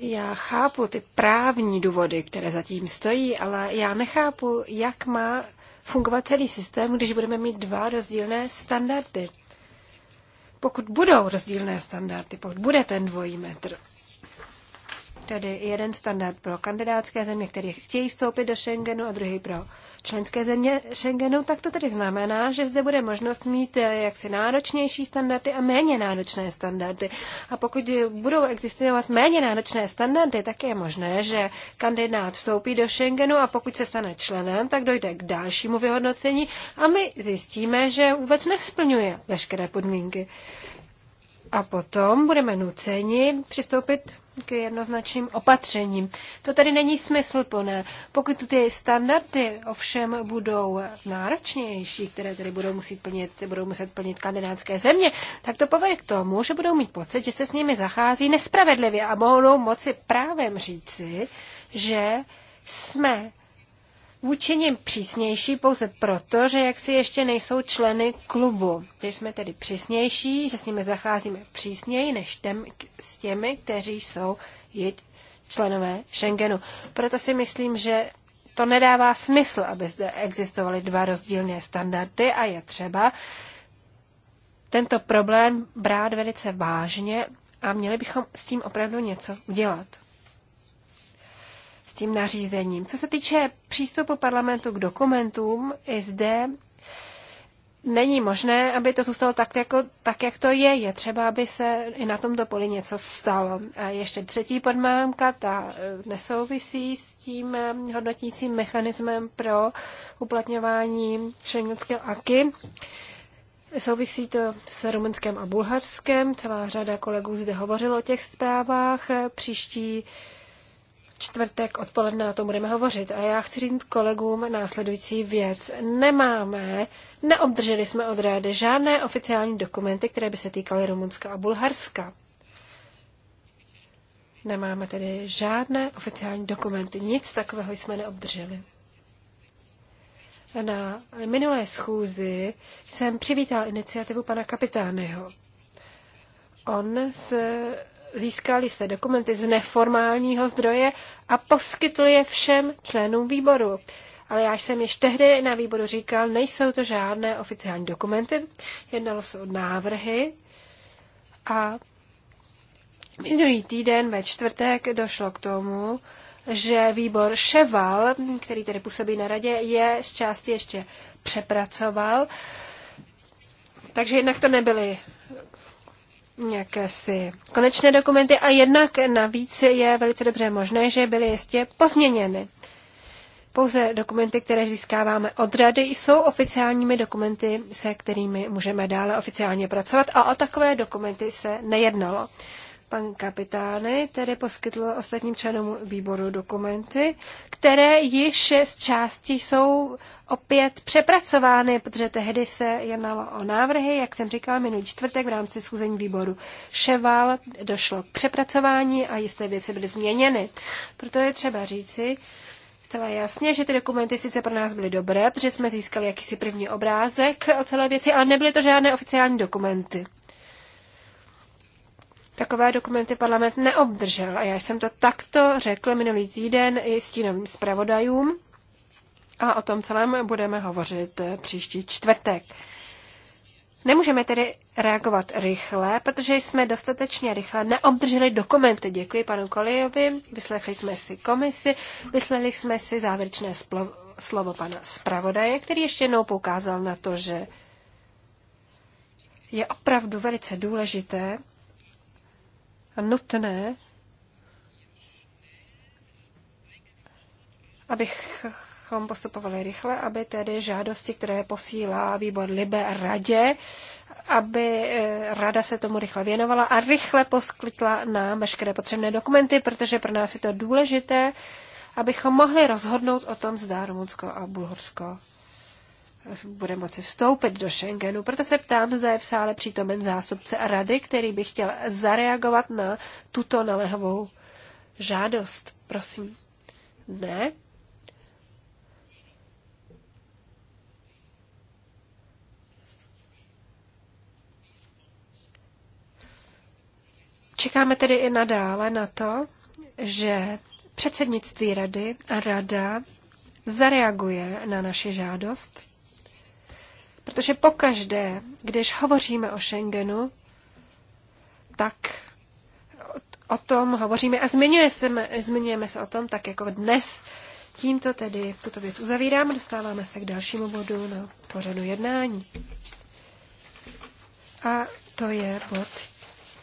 já chápu ty právní důvody, které zatím stojí, ale já nechápu, jak má fungovat celý systém, když budeme mít dva rozdílné standardy. Pokud budou rozdílné standardy, pokud bude ten dvojí metr, tedy jeden standard pro kandidátské země, které chtějí vstoupit do Schengenu a druhý pro členské země Schengenu, tak to tedy znamená, že zde bude možnost mít eh, jaksi náročnější standardy a méně náročné standardy. A pokud budou existovat méně náročné standardy, tak je možné, že kandidát vstoupí do Schengenu a pokud se stane členem, tak dojde k dalšímu vyhodnocení a my zjistíme, že vůbec nesplňuje veškeré podmínky. A potom budeme nuceni přistoupit k jednoznačným opatřením. To tedy není smysluplné. Pokud ty standardy ovšem budou náročnější, které tedy budou, muset plnit, budou muset plnit kandidátské země, tak to povede k tomu, že budou mít pocit, že se s nimi zachází nespravedlivě a mohou moci právem říci, že jsme vůči nim přísnější pouze proto, že jaksi ještě nejsou členy klubu. Teď jsme tedy přísnější, že s nimi zacházíme přísněji než těm, s těmi, kteří jsou jít členové Schengenu. Proto si myslím, že to nedává smysl, aby zde existovaly dva rozdílné standardy a je třeba tento problém brát velice vážně a měli bychom s tím opravdu něco udělat s tím nařízením. Co se týče přístupu parlamentu k dokumentům, i zde není možné, aby to zůstalo tak, jako, tak, jak to je. Je třeba, aby se i na tomto poli něco stalo. A ještě třetí podmámka, ta e, nesouvisí s tím e, hodnotícím mechanismem pro uplatňování šengenského AKY. Souvisí to s Rumunskem a Bulharskem. Celá řada kolegů zde hovořilo o těch zprávách. E, příští čtvrtek odpoledne o tom budeme hovořit. A já chci říct kolegům následující věc. Nemáme, neobdrželi jsme od rády žádné oficiální dokumenty, které by se týkaly Rumunska a Bulharska. Nemáme tedy žádné oficiální dokumenty. Nic takového jsme neobdrželi. Na minulé schůzi jsem přivítal iniciativu pana kapitányho. On se získali se dokumenty z neformálního zdroje a poskytli je všem členům výboru. Ale já jsem již tehdy na výboru říkal, nejsou to žádné oficiální dokumenty, jednalo se o návrhy a minulý týden ve čtvrtek došlo k tomu, že výbor Ševal, který tedy působí na radě, je z části ještě přepracoval. Takže jednak to nebyly si konečné dokumenty a jednak navíc je velice dobře možné, že byly jistě pozměněny. Pouze dokumenty, které získáváme od rady, jsou oficiálními dokumenty, se kterými můžeme dále oficiálně pracovat a o takové dokumenty se nejednalo. Pan kapitány tedy poskytl ostatním členům výboru dokumenty, které již z části jsou opět přepracovány, protože tehdy se jednalo o návrhy, jak jsem říkal, minulý čtvrtek v rámci schůzení výboru Ševal došlo k přepracování a jisté věci byly změněny. Proto je třeba říci, Celé jasně, že ty dokumenty sice pro nás byly dobré, protože jsme získali jakýsi první obrázek o celé věci, ale nebyly to žádné oficiální dokumenty. Takové dokumenty parlament neobdržel a já jsem to takto řekl minulý týden i stínovým zpravodajům a o tom celém budeme hovořit eh, příští čtvrtek. Nemůžeme tedy reagovat rychle, protože jsme dostatečně rychle neobdrželi dokumenty. Děkuji panu Kolijovi, vyslechli jsme si komisi, vyslechli jsme si závěrečné splo- slovo pana zpravodaje, který ještě jednou poukázal na to, že je opravdu velice důležité, nutné, abychom postupovali rychle, aby tedy žádosti, které posílá výbor Libe radě, aby eh, rada se tomu rychle věnovala a rychle poskytla nám veškeré potřebné dokumenty, protože pro nás je to důležité, abychom mohli rozhodnout o tom, zda Rumunsko a Bulharsko bude moci vstoupit do Schengenu. Proto se ptám, zda je v sále přítomen zástupce rady, který by chtěl zareagovat na tuto naléhavou žádost. Prosím. Ne? Čekáme tedy i nadále na to, že předsednictví rady a rada zareaguje na naši žádost Protože pokaždé, když hovoříme o Schengenu, tak o tom hovoříme a zmiňuje se, zmiňujeme se o tom tak jako dnes. Tímto tedy tuto věc uzavíráme, dostáváme se k dalšímu bodu na pořadu jednání. A to je bod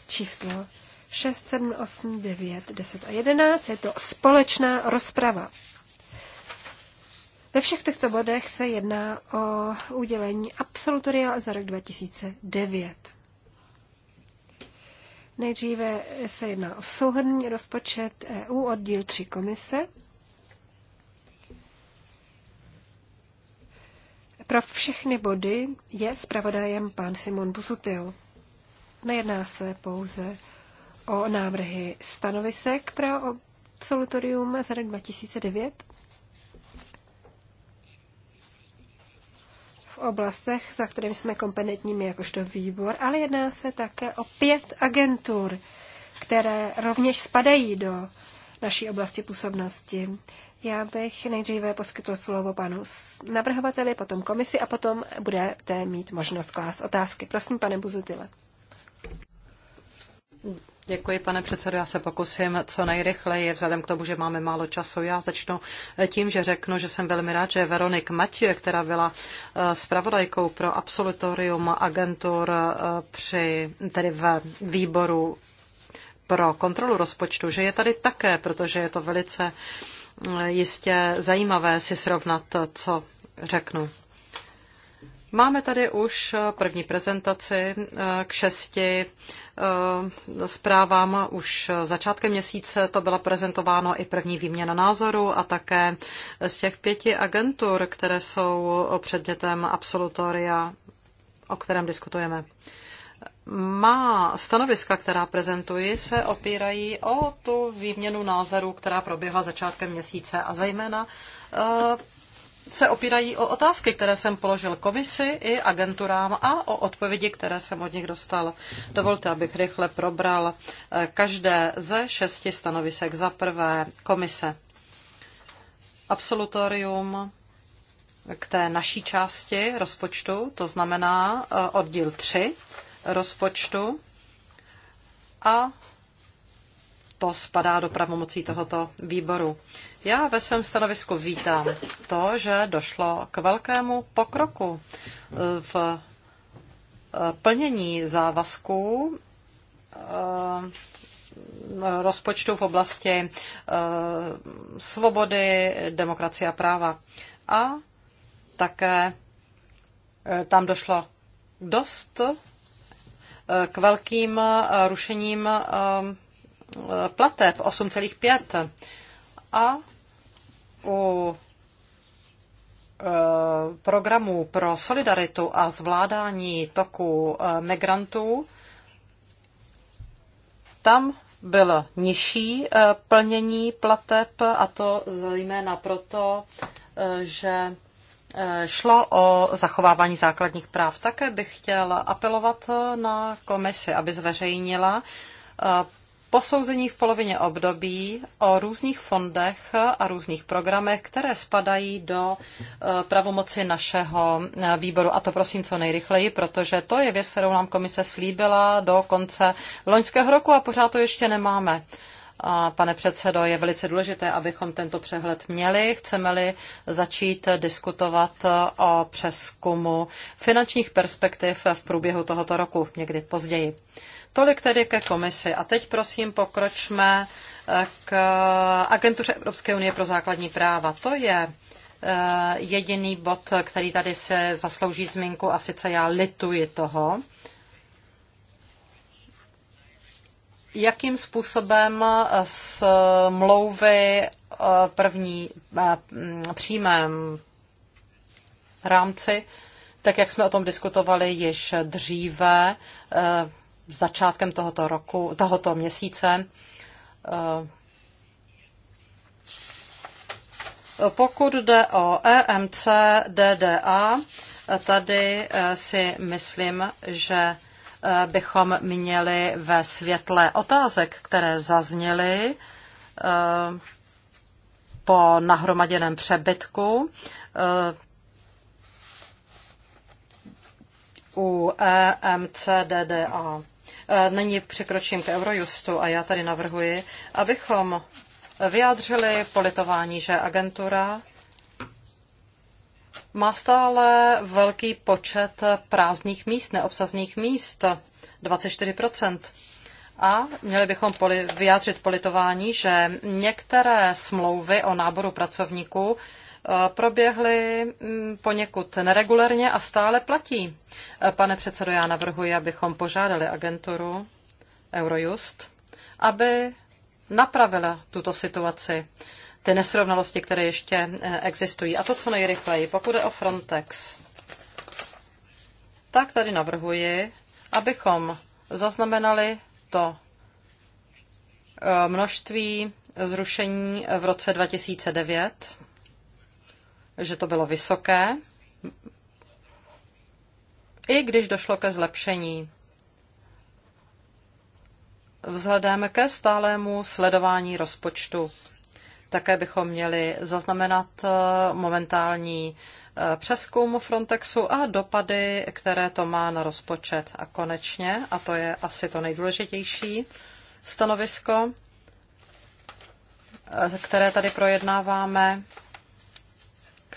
číslo 6, 7, 8, 9, 10 a 11. Je to společná rozprava. Ve všech těchto bodech se jedná o udělení absolutoria za rok 2009. Nejdříve se jedná o souhrnný rozpočet EU oddíl 3 komise. Pro všechny body je zpravodajem pan Simon Busutil. Nejedná se pouze o návrhy stanovisek pro absolutorium za rok 2009, oblastech, za které jsme kompetentními jakožto výbor, ale jedná se také o pět agentur, které rovněž spadají do naší oblasti působnosti. Já bych nejdříve poskytl slovo panu navrhovateli, potom komisi a potom budete mít možnost klást otázky. Prosím, pane Buzutile. Děkuji, pane předsedo. Já se pokusím co nejrychleji, vzhledem k tomu, že máme málo času. Já začnu tím, že řeknu, že jsem velmi rád, že Veronik Matěj, která byla eh, zpravodajkou pro absolutorium agentur eh, při, tedy v výboru pro kontrolu rozpočtu, že je tady také, protože je to velice eh, jistě zajímavé si srovnat, co řeknu. Máme tady už eh, první prezentaci eh, k šesti eh, zprávám. Už začátkem měsíce to byla prezentováno i první výměna názoru a také z těch pěti agentur, které jsou předmětem absolutoria, o kterém diskutujeme. Má stanoviska, která prezentuji, se opírají o tu výměnu názorů, která proběhla začátkem měsíce a zejména se opírají o otázky, které jsem položil komisi i agenturám a o odpovědi, které jsem od nich dostal. Dovolte, abych rychle probral eh, každé ze šesti stanovisek. Za prvé komise. Absolutorium k té naší části rozpočtu, to znamená eh, oddíl 3 rozpočtu a to spadá do pravomocí tohoto výboru. Já ve svém stanovisku vítám to, že došlo k velkému pokroku e, v e, plnění závazků e, rozpočtu v oblasti svobody, demokracie a práva. A také tam došlo dost k velkým rušením plateb 8,5 a u e, programů pro solidaritu a zvládání toku e, migrantů, tam bylo nižší e, plnění plateb a to zejména proto, že šlo o zachovávání základních práv. Také bych chtěl apelovat na komisi, aby zveřejnila posouzení v polovině období o různých fondech a různých programech, které spadají do eh, pravomoci našeho eh, výboru. A to prosím co nejrychleji, protože to je věc, kterou nám komise slíbila do konce loňského roku a pořád to ještě nemáme. A pane předsedo, je velice důležité, abychom tento přehled měli. Chceme-li začít diskutovat eh, o přeskumu finančních perspektiv v průběhu tohoto roku, někdy později. Tolik tedy ke komisi. A teď prosím pokročme eh, k Agentuře Evropské unie pro základní práva. To je eh, jediný bod, který tady se zaslouží zmínku a sice já lituji toho, jakým způsobem s eh, smlouvy první příjmem rámci, tak jak jsme o tom diskutovali již dříve, začátkem tohoto roku, tohoto měsíce. Eh, pokud jde o EMC DDA, tady eh, si myslím, že eh, bychom měli ve světle otázek, které zazněly po nahromaděném přebytku u e DDA. Nyní překročím k Eurojustu a já tady navrhuji, abychom vyjádřili politování, že agentura má stále velký počet prázdných míst, neobsazných míst, 24%. A měli bychom poli- vyjádřit politování, že některé smlouvy o náboru pracovníků Eh, proběhly mm, poněkud neregulérně a stále platí. Eh, pane předsedo, já navrhuji, abychom požádali agenturu Eurojust, aby napravila tuto situaci, ty nesrovnalosti, které ještě eh, existují. A to, co nejrychleji, pokud je o Frontex, tak tady navrhuji, abychom zaznamenali to množství zrušení v roce 2009 že to bylo vysoké, i když došlo ke zlepšení vzhledem ke stálému sledování rozpočtu. Také bychom měli zaznamenat eh, momentální eh, přeskum Frontexu a dopady, které to má na rozpočet. A konečně, a to je asi to nejdůležitější stanovisko, eh, které tady projednáváme,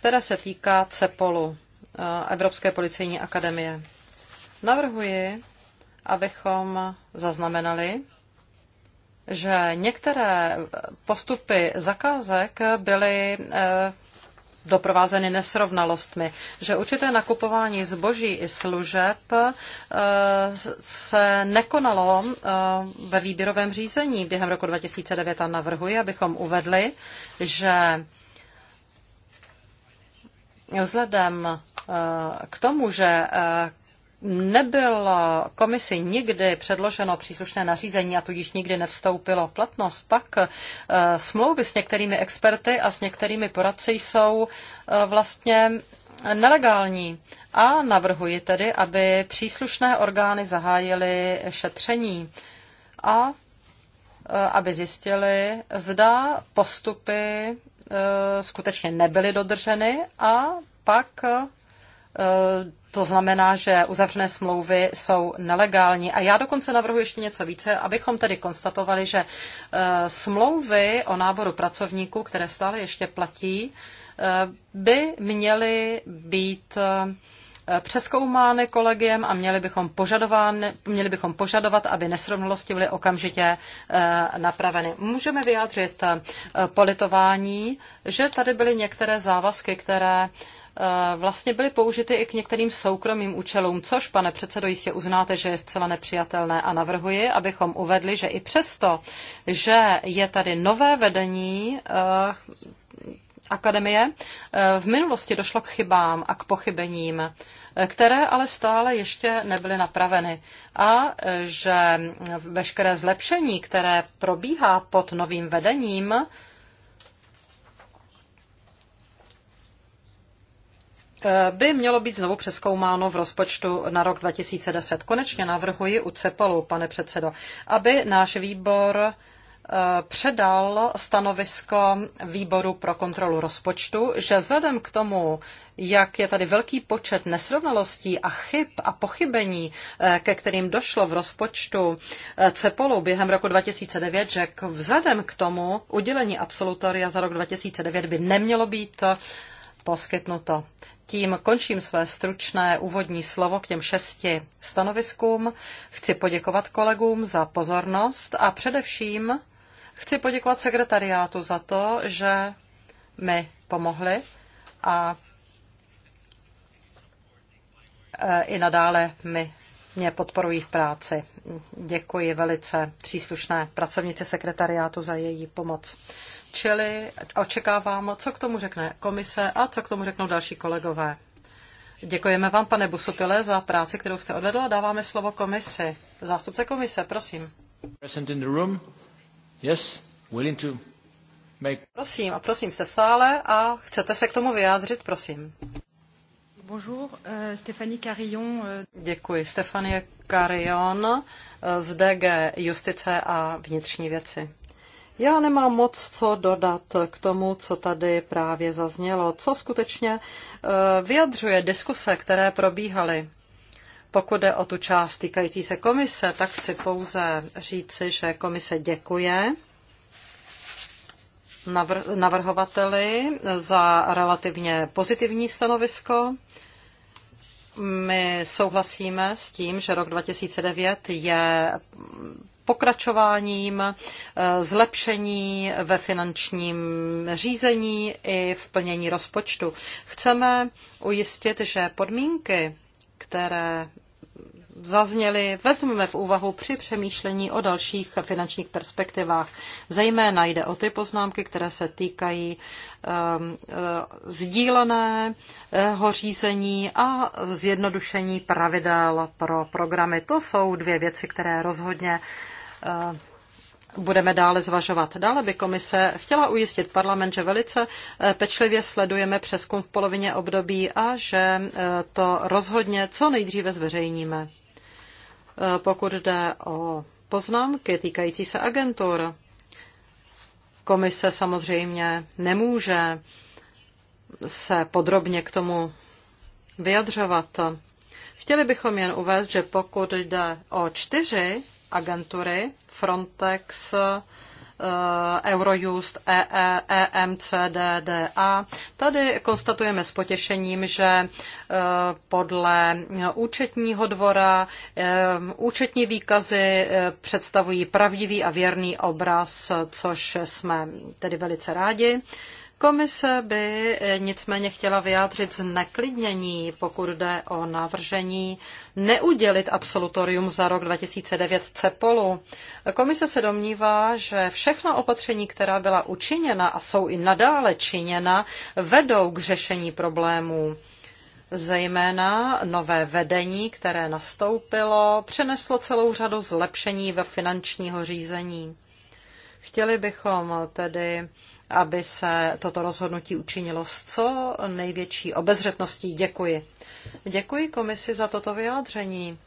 které se týká CEPOLu, eh, Evropské policejní akademie. Navrhuji, abychom zaznamenali, že některé postupy zakázek byly eh, doprovázeny nesrovnalostmi, že určité nakupování zboží i služeb eh, se nekonalo ve výběrovém řízení během roku 2009 a navrhuji, abychom uvedli, že Vzhledem eh, k tomu, že eh, nebylo komisi nikdy předloženo příslušné nařízení a tudíž nikdy nevstoupilo v platnost, pak eh, smlouvy s některými experty a s některými poradci jsou vlastně nelegální. A navrhuji tedy, aby příslušné orgány zahájily šetření a aby zjistili, zda postupy Eh, skutečně nebyly dodrženy a pak eh, to znamená, že uzavřené smlouvy jsou nelegální. A já dokonce navrhuji ještě něco více, abychom tedy konstatovali, že eh, smlouvy o náboru pracovníků, které stále ještě platí, by měly být Eh, přeskoumány kolegiem a měli bychom, měli bychom požadovat, aby nesrovnalosti byly okamžitě eh, napraveny. Můžeme vyjádřit eh, politování, že tady byly některé závazky, které vlastně byly použity i k některým soukromým účelům, což, pane předsedo, jistě uznáte, že je zcela nepřijatelné a navrhuji, abychom uvedli, že i přesto, že je tady nové vedení akademie, eh, v minulosti došlo k chybám a k pochybením, eh, které ale stále ještě nebyly napraveny. A eh, že veškeré zlepšení, které probíhá pod novým vedením, by mělo být znovu přeskoumáno v rozpočtu na rok 2010. Konečně navrhuji u CEPOLu, pane předsedo, aby náš výbor Eh, předal stanovisko výboru pro kontrolu rozpočtu, že vzhledem k tomu, jak je tady velký počet nesrovnalostí a chyb a pochybení, eh, ke kterým došlo v rozpočtu eh, CEPOLu během roku 2009, že k vzhledem k tomu udělení absolutoria za rok 2009 by nemělo být poskytnuto. Tím končím své stručné úvodní slovo k těm šesti stanoviskům. Chci poděkovat kolegům za pozornost a především Chci poděkovat sekretariátu za to, že mi pomohli a e, i nadále mi mě podporují v práci. Děkuji velice příslušné pracovnice sekretariátu za její pomoc. Čili očekávám, co k tomu řekne komise a co k tomu řeknou další kolegové. Děkujeme vám, pane Busutile, za práci, kterou jste odvedl a dáváme slovo komisi. Zástupce komise, prosím. Yes, willing to make... Prosím, a prosím, jste v sále a chcete se k tomu vyjádřit, prosím. Bonjour, euh, Stéphanie Carillon. Euh, Děkuji, Stefanie Carillon euh, z DG Justice a vnitřní věci. Já nemám moc co dodat k tomu, co tady právě zaznělo, co skutečně vyjadřuje diskuse, které probíhaly pokud jde o tu část týkající se komise, tak chci pouze říci, že komise děkuje navrhovateli za relativně pozitivní stanovisko. My souhlasíme s tím, že rok 2009 je pokračováním, eh, zlepšení ve finančním řízení i v plnění rozpočtu. Chceme ujistit, že podmínky, které zazněly, vezmeme v úvahu při přemýšlení o dalších finančních perspektivách. Zejména jde o ty poznámky, které se týkají um, sdíleného řízení a zjednodušení pravidel pro programy. To jsou dvě věci, které rozhodně e, budeme dále zvažovat. Dále by komise chtěla ujistit parlament, že velice e, pečlivě sledujeme přeskum v polovině období a že to rozhodně co nejdříve zveřejníme. Eh, pokud jde o poznámky týkající se agentur, komise samozřejmě nemůže se podrobně k tomu vyjadřovat. Chtěli bychom jen uvést, že pokud jde o čtyři agentury, Frontex, Eh, Eurojust, EMCDDA. E, e Tady konstatujeme s potěšením, že eh, podle účetního dvora eh, účetní výkazy představují pravdivý a věrný obraz, což jsme tedy velice rádi. Komise by eh, nicméně chtěla vyjádřit zneklidnění, pokud jde o navržení neudělit absolutorium za rok 2009 CEPOLu. Komise se domnívá, že všechna opatření, která byla učiněna a jsou i nadále činěna, vedou k řešení problémů. Zejména nové vedení, které nastoupilo, přeneslo celou řadu zlepšení ve finančního řízení. Chtěli bychom tedy aby se toto rozhodnutí učinilo s co největší obezřetností. Děkuji. Děkuji komisi za toto vyjádření.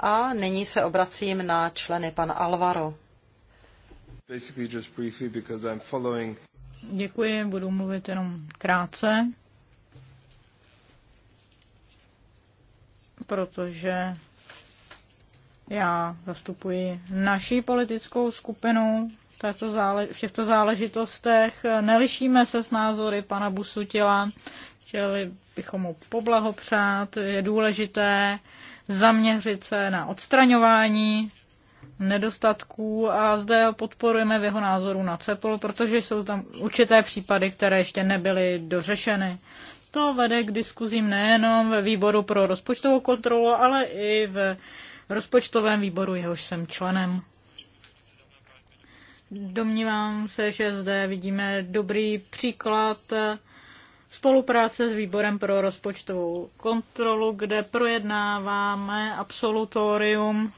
A nyní se obracím na členy pan Alvaro. Děkuji, budu mluvit jenom krátce, protože já zastupuji naší politickou skupinu, této zále- v těchto záležitostech. Nelišíme se s názory pana Busutila, chtěli bychom mu poblahopřát. Je důležité zaměřit se na odstraňování nedostatků a zde podporujeme v jeho názoru na CEPOL, protože jsou tam určité případy, které ještě nebyly dořešeny. To vede k diskuzím nejenom ve výboru pro rozpočtovou kontrolu, ale i v rozpočtovém výboru, jehož jsem členem. Domnívám se, že zde vidíme dobrý příklad spolupráce s výborem pro rozpočtovou kontrolu, kde projednáváme absolutorium.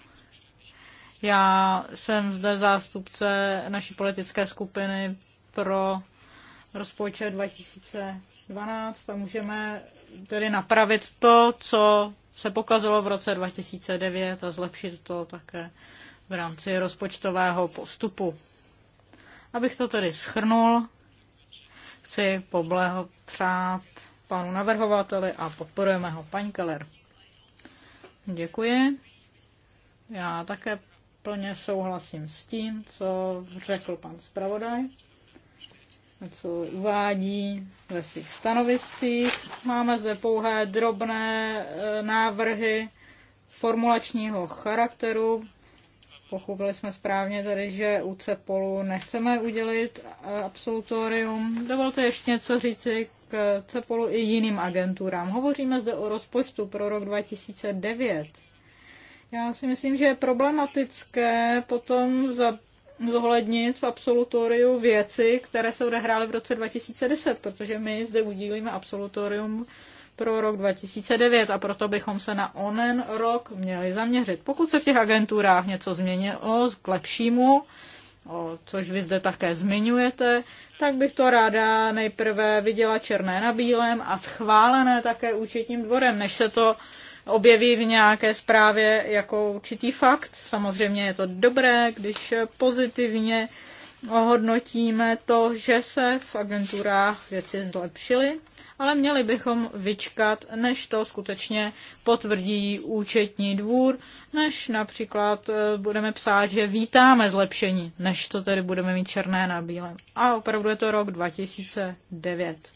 Já jsem zde zástupce naší politické skupiny pro rozpočet 2012 a můžeme tedy napravit to, co se pokazalo v roce 2009 a zlepšit to také v rámci rozpočtového postupu. Abych to tedy schrnul, chci poblehopřát panu navrhovateli a podporujeme ho. Paní Keller. Děkuji. Já také plně souhlasím s tím, co řekl pan zpravodaj, co uvádí ve svých stanoviscích. Máme zde pouhé drobné eh, návrhy formulačního charakteru, pochopili jsme správně tady, že u CEPOLu nechceme udělit eh, absolutorium. Dovolte ještě něco říci k CEPOLu i jiným agenturám. Hovoříme zde o rozpočtu pro rok 2009. Já si myslím, že je problematické potom za zohlednit v absolutoriu věci, které se odehrály v roce 2010, protože my zde udílíme absolutorium pro rok 2009 a proto bychom se na onen rok měli zaměřit. Pokud se v těch agenturách něco změnilo k lepšímu, o, což vy zde také zmiňujete, tak bych to ráda nejprve viděla černé na bílém a schválené také účetním dvorem, než se to objeví v nějaké zprávě jako určitý fakt. Samozřejmě je to dobré, když pozitivně ohodnotíme to, že se v agenturách věci zlepšily ale měli bychom vyčkat, než to skutečně potvrdí účetní dvůr, než například eh, budeme psát, že vítáme zlepšení, než to tedy budeme mít černé na bílém. A opravdu je to rok 2009.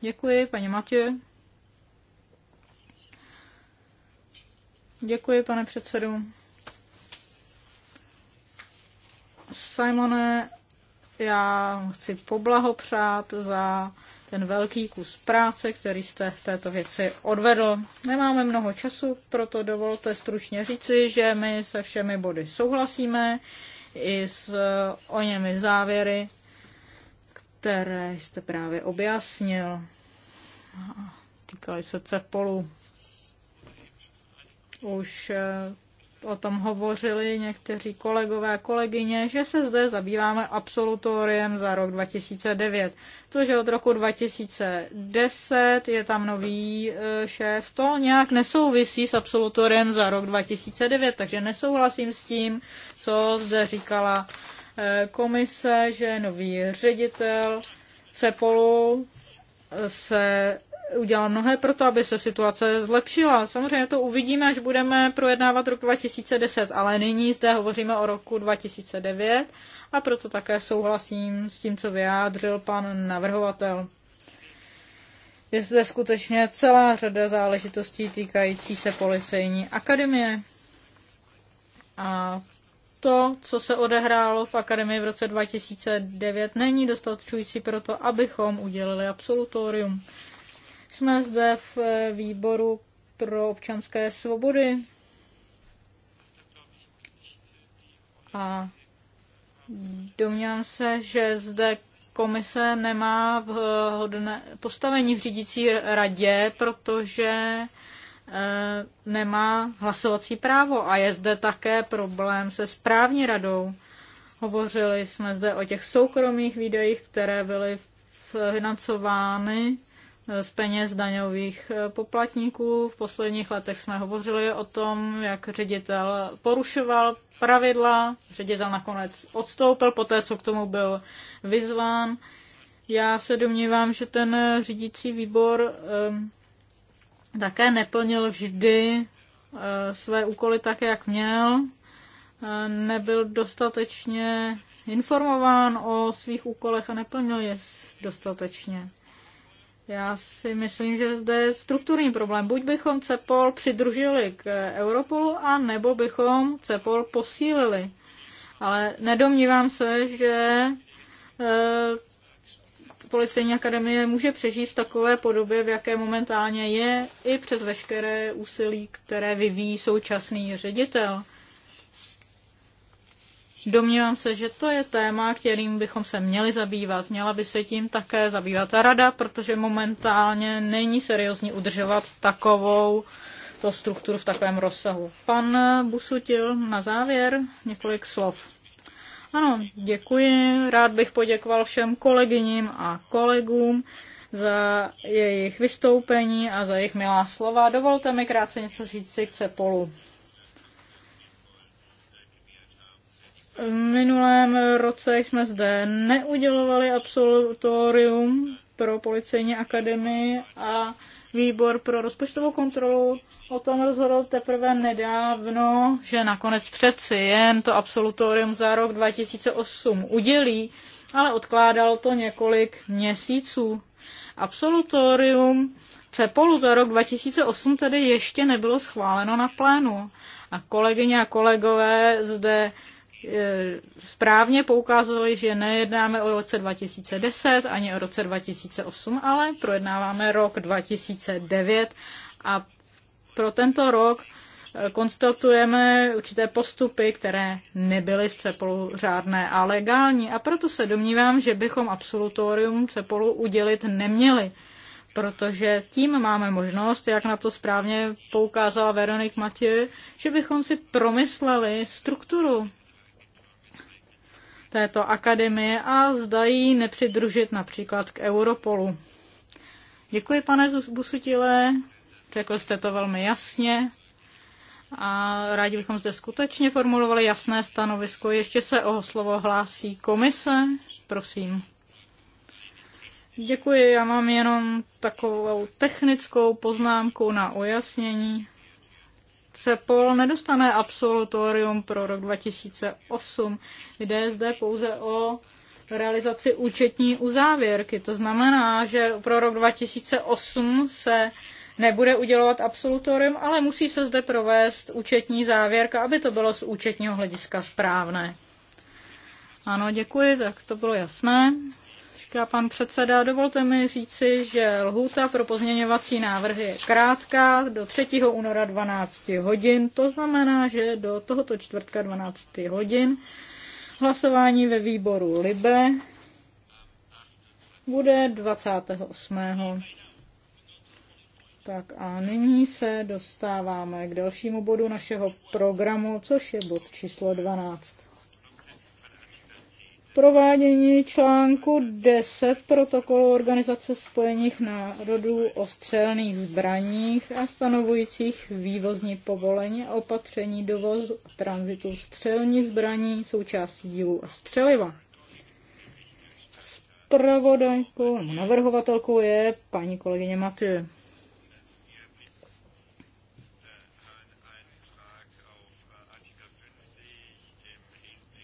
Děkuji, paní Matěj. Děkuji, pane předsedu. Simone, já chci poblahopřát za ten velký kus práce, který jste v této věci odvedl. Nemáme mnoho času, proto dovolte stručně říci, že my se všemi body souhlasíme i s o němi závěry, které jste právě objasnil. Týkali se cepolu. Už eh, o tom hovořili někteří kolegové a kolegyně, že se zde zabýváme absolutoriem za rok 2009. To, že od roku 2010 je tam nový e, šéf, to nějak nesouvisí s absolutoriem za rok 2009, takže nesouhlasím s tím, co zde říkala e, komise, že nový ředitel Cepolu se udělal mnohé pro to, aby se situace zlepšila. Samozřejmě to uvidíme, až budeme projednávat rok 2010, ale nyní zde hovoříme o roku 2009 a proto také souhlasím s tím, co vyjádřil pan navrhovatel. Je zde skutečně celá řada záležitostí týkající se policejní akademie. A to, co se odehrálo v akademii v roce 2009, není dostatčující pro to, abychom udělili absolutorium jsme zde v eh, výboru pro občanské svobody. A domnívám se, že zde komise nemá vhodné postavení v řídící radě, protože eh, nemá hlasovací právo a je zde také problém se správní radou. Hovořili jsme zde o těch soukromých výdajích, které byly financovány z peněz daňových eh, poplatníků. V posledních letech jsme hovořili o tom, jak ředitel porušoval pravidla. Ředitel nakonec odstoupil po té, co k tomu byl vyzván. Já se domnívám, že ten eh, řídící výbor ehm, také neplnil vždy eh, své úkoly tak, jak měl. Nebyl dostatečně informován o svých úkolech a neplnil je dostatečně. Já si myslím, že zde je strukturní problém. Buď bychom CEPOL přidružili k Europolu, a nebo bychom CEPOL posílili. Ale nedomnívám se, že e, Policejní akademie může přežít v takové podobě, v jaké momentálně je, i přes veškeré úsilí, které vyvíjí současný ředitel. Domnívám se, že to je téma, kterým bychom se měli zabývat. Měla by se tím také zabývat a rada, protože momentálně není seriózně udržovat takovou to strukturu v takovém rozsahu. Pan Busutil na závěr několik slov. Ano, děkuji. Rád bych poděkoval všem kolegyním a kolegům za jejich vystoupení a za jejich milá slova. Dovolte mi krátce něco říct si k Cepolu. v minulém roce jsme zde neudělovali absolutorium pro policejní akademii a výbor pro rozpočtovou kontrolu o tom rozhodl teprve nedávno, že nakonec přeci jen to absolutorium za rok 2008 udělí, ale odkládal to několik měsíců. Absolutorium CEPOLu za rok 2008 tedy ještě nebylo schváleno na plénu. A kolegyně a kolegové zde Eh, správně poukázali, že nejednáme o roce 2010 ani o roce 2008, ale projednáváme rok 2009 a pro tento rok eh, konstatujeme určité postupy, které nebyly v CEPOLu řádné a legální a proto se domnívám, že bychom absolutorium CEPOLu udělit neměli, protože tím máme možnost, jak na to správně poukázala Veronik Matěj, že bychom si promysleli strukturu této akademie a zdají nepřidružit například k Europolu. Děkuji, pane Busutile, řekl jste to velmi jasně a rádi bychom zde skutečně formulovali jasné stanovisko. Ještě se o slovo hlásí komise, prosím. Děkuji, já mám jenom takovou technickou poznámku na ujasnění. CEPOL nedostane absolutorium pro rok 2008. Jde zde pouze o realizaci účetní uzávěrky. To znamená, že pro rok 2008 se nebude udělovat absolutorium, ale musí se zde provést účetní závěrka, aby to bylo z účetního hlediska správné. Ano, děkuji, tak to bylo jasné říká pan předseda. Dovolte mi říci, že lhůta pro pozměňovací návrhy je krátká do 3. února 12 hodin. To znamená, že do tohoto čtvrtka 12 hodin hlasování ve výboru Libe bude 28. Tak a nyní se dostáváme k dalšímu bodu našeho programu, což je bod číslo 12 provádění článku 10 protokolu Organizace spojených národů o střelných zbraních a stanovujících vývozní povolení a opatření dovozu tranzitu střelních zbraní, součástí dílů a střeliva. Spravodajkou, navrhovatelkou je paní kolegyně Matyje.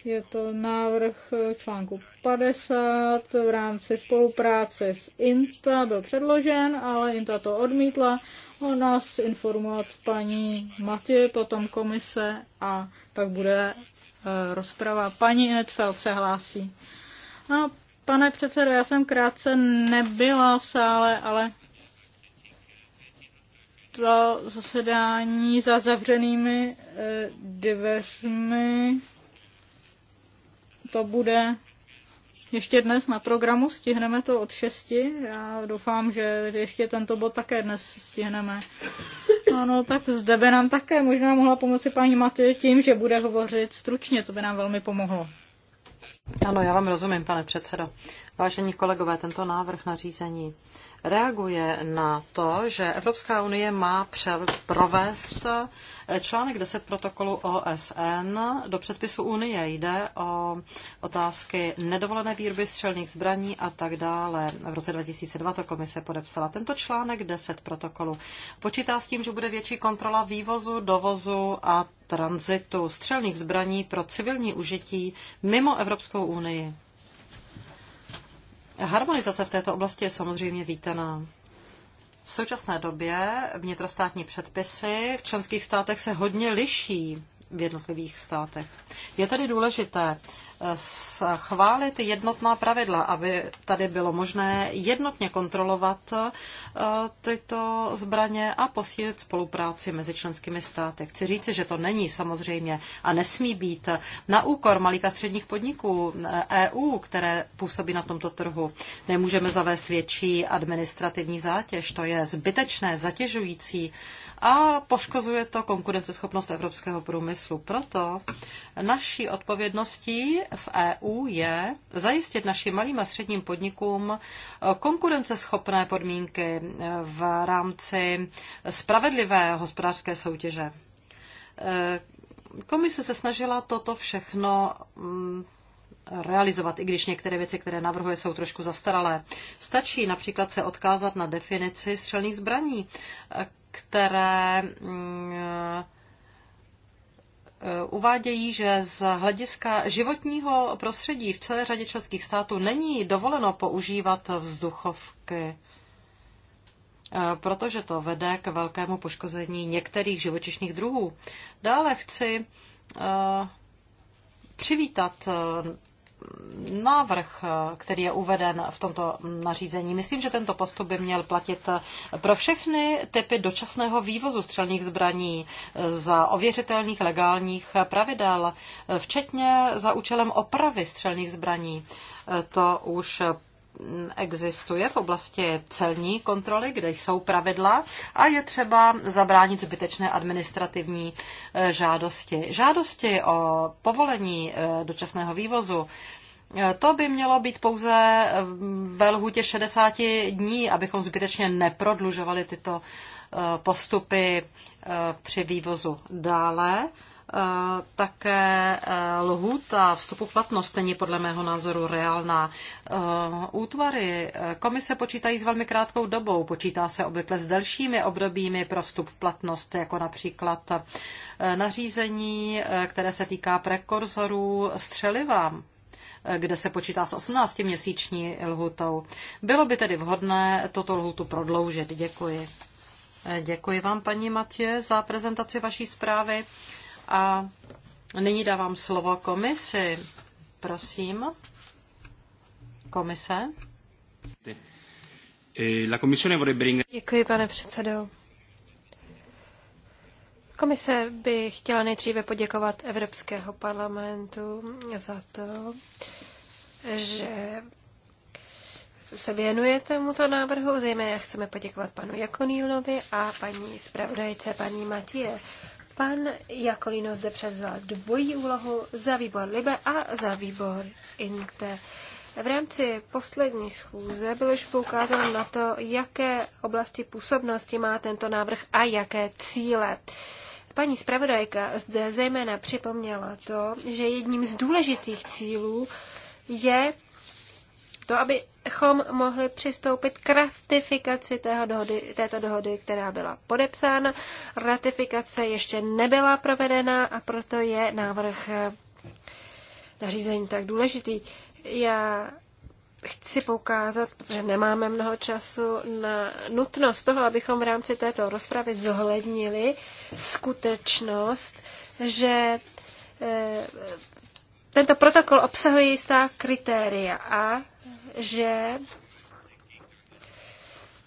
Je to návrh eh, článku 50 v rámci spolupráce s INTA byl předložen, ale INTA to odmítla. O nás informovat paní Matěj, potom komise a pak bude eh, rozprava. Paní Netfeld se hlásí. A pane předsedo, já jsem krátce nebyla v sále, ale to zasedání za zavřenými eh, dveřmi to bude ještě dnes na programu, stihneme to od 6. Já doufám, že ještě tento bod také dnes stihneme. Ano, tak zde by nám také možná mohla pomoci paní Maty tím, že bude hovořit stručně, to by nám velmi pomohlo. Ano, já vám rozumím, pane předsedo. Vážení kolegové, tento návrh na řízení reaguje na to, že Evropská unie má provést eh, článek 10 protokolu OSN do předpisu Unie. Jde o otázky nedovolené výroby střelných zbraní a tak dále. V roce 2002 to komise podepsala. Tento článek 10 protokolu počítá s tím, že bude větší kontrola vývozu, dovozu a tranzitu střelných zbraní pro civilní užití mimo Evropskou unii. Harmonizace v této oblasti je samozřejmě vítaná. V současné době vnitrostátní předpisy v členských státech se hodně liší v jednotlivých státech. Je tedy důležité schválit jednotná pravidla, aby tady bylo možné jednotně kontrolovat eh, tyto zbraně a posílit spolupráci mezi členskými státy. Chci říci, že to není samozřejmě a nesmí být na úkor malých a středních podniků EU, eh, e které působí na tomto trhu. Nemůžeme zavést větší administrativní zátěž, to je zbytečné, zatěžující a poškozuje to konkurenceschopnost evropského průmyslu. Proto naší odpovědností v EU je zajistit našim malým a středním podnikům konkurenceschopné podmínky v rámci spravedlivé hospodářské soutěže. E, Komise se snažila toto všechno mm, realizovat, i když některé věci, které navrhuje, jsou trošku zastaralé. Stačí například se odkázat na definici střelných zbraní, které mm, uvádějí, že z hlediska životního prostředí v celé řadě členských států není dovoleno používat vzduchovky, protože to vede k velkému poškození některých živočišných druhů. Dále chci eh, přivítat eh, návrh, který je uveden v tomto nařízení. Myslím, že tento postup by měl platit pro všechny typy dočasného vývozu střelných zbraní za ověřitelných legálních pravidel, včetně za účelem opravy střelných zbraní. To už existuje v oblasti celní kontroly, kde jsou pravidla a je třeba zabránit zbytečné administrativní eh, žádosti. Žádosti o povolení eh, dočasného vývozu eh, to by mělo být pouze ve lhůtě 60 dní, abychom zbytečně neprodlužovali tyto postupy při vývozu dále. Eh, také eh, lhůta vstupu v platnost není podle mého názoru reálná. Eh, útvary komise počítají s velmi krátkou dobou, počítá se obvykle s delšími obdobími pro vstup v platnost, jako například nařízení, které se týká prekorzorů střeliva kde se počítá s 18-měsíční lhutou. Bylo by tedy vhodné toto lhutu prodloužit. Děkuji. Děkuji vám, paní Matě, za prezentaci vaší zprávy. A nyní dávám slovo komisi. Prosím. Komise. Eh, Děkuji, pane předsedo. Komise by chtěla nejdříve poděkovat Evropského parlamentu za to, že se věnuje tomuto návrhu. Zejména chceme poděkovat panu Jakonýlovi a paní zpravodajce paní Matie. Pan Jakolino zde převzal dvojí úlohu za výbor Libe a za výbor Inte. V rámci poslední schůze bylo již poukázáno na to, jaké oblasti působnosti má tento návrh a jaké cíle. Paní zpravodajka zde zejména připomněla to, že jedním z důležitých cílů je to, aby bychom mohli přistoupit k ratifikaci tého dohody, této dohody, která byla podepsána. Ratifikace ještě nebyla provedena a proto je návrh eh, nařízení tak důležitý. Já chci poukázat, protože nemáme mnoho času, na nutnost toho, abychom v rámci této rozpravy zohlednili skutečnost, že eh, tento protokol obsahuje jistá kritéria a že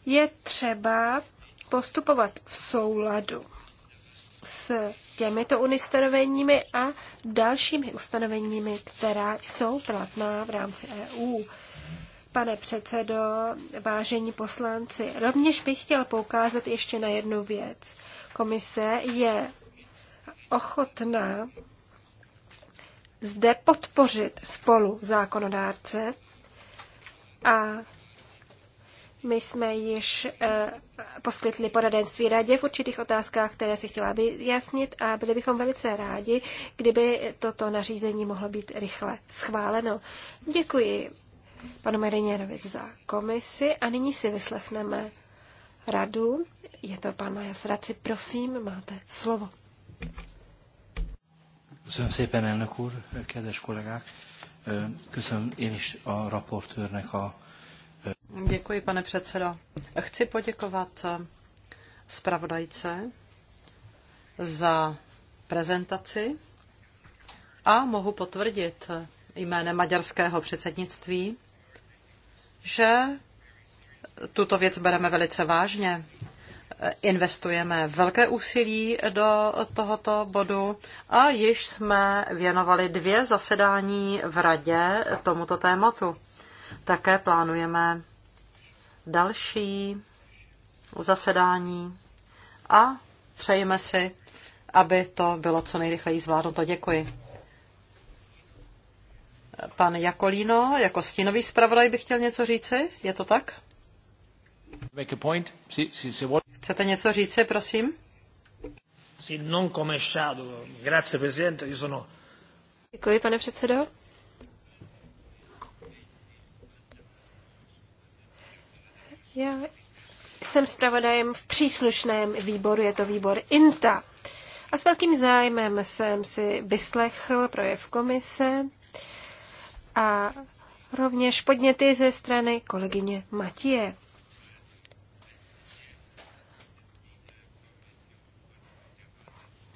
je třeba postupovat v souladu s těmito ustanoveními a dalšími ustanoveními, která jsou platná v rámci EU. Pane předsedo, vážení poslanci, rovněž bych chtěl poukázat ještě na jednu věc. Komise je ochotná zde podpořit spolu zákonodárce a my jsme již eh, poskytli poradenství radě v určitých otázkách, které si chtěla vyjasnit a byli bychom velice rádi, kdyby toto nařízení mohlo být rychle schváleno. Děkuji panu Mariněrovi za komisi a nyní si vyslechneme radu. Je to pan Majas Raci, prosím, máte slovo. Köszönöm szépen, elnök úr, kedves kollégák! Köszönöm én is a raportőrnek a... Děkuji, pane předsedo. Chci poděkovat eh, zpravodajce za prezentaci a mohu potvrdit eh, jménem maďarského předsednictví, že tuto věc bereme velice vážně investujeme velké úsilí do tohoto bodu a již jsme věnovali dvě zasedání v radě tomuto tématu. Také plánujeme další zasedání a přejeme si, aby to bylo co nejrychleji zvládnuto. Děkuji. Pan Jakolíno, jako stínový zpravodaj, bych chtěl něco říci? Je to tak? Chcete něco říci, prosím? Děkuji, pane předsedo. Já jsem zpravodajem v příslušném výboru, je to výbor INTA. A s velkým zájmem jsem si vyslechl projev komise a rovněž podněty ze strany kolegyně Matěje.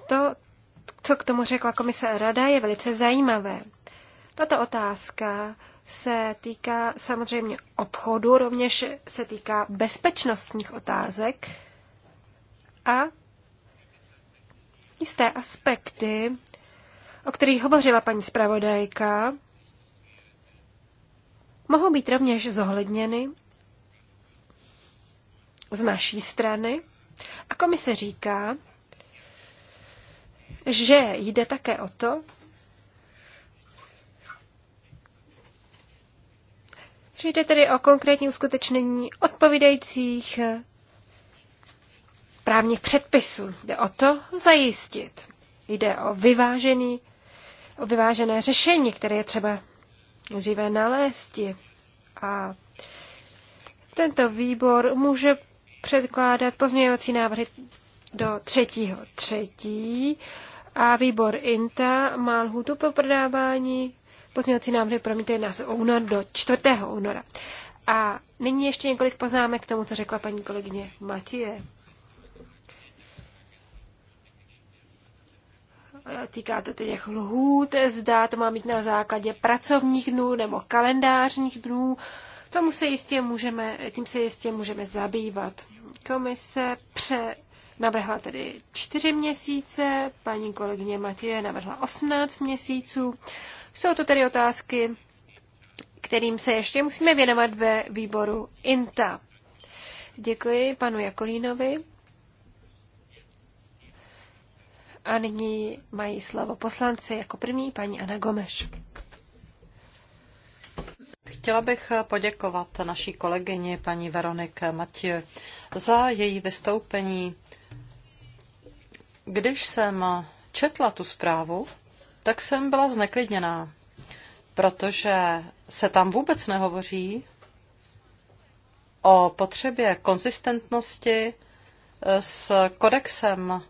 To, co k tomu řekla komise Rada, je velice zajímavé. Tato otázka se týká samozřejmě obchodu, rovněž se týká bezpečnostních otázek a jisté aspekty, o kterých hovořila paní zpravodajka, mohou být rovněž zohledněny z naší strany. A komise říká, že jde také o to, že jde tedy o konkrétní uskutečnění odpovídajících právních předpisů. Jde o to zajistit. Jde o vyvážený, o vyvážené řešení, které je třeba dříve nalézti. A tento výbor může předkládat pozměňovací návrhy do třetího třetí a výbor INTA má lhůtu po prodávání pozměňovací návrhy, promíte nás únor do 4. února. A nyní ještě několik poznámek k tomu, co řekla paní kolegyně Matěje. Týká to těch lhůt, zda to má být na základě pracovních dnů nebo kalendářních dnů. Tomu se jistě můžeme, tím se jistě můžeme zabývat. Komise pře, navrhla tedy 4 měsíce, paní kolegyně Matěje navrhla 18 měsíců. Jsou to tedy otázky, kterým se ještě musíme věnovat ve výboru INTA. Děkuji panu Jakolínovi. A nyní mají slovo poslanci jako první paní Ana Gomeš. Chtěla bych poděkovat naší kolegyně paní Veronik Matěj za její vystoupení když jsem četla tu zprávu, tak jsem byla zneklidněná, protože se tam vůbec nehovoří o potřebě konzistentnosti eh, s kodexem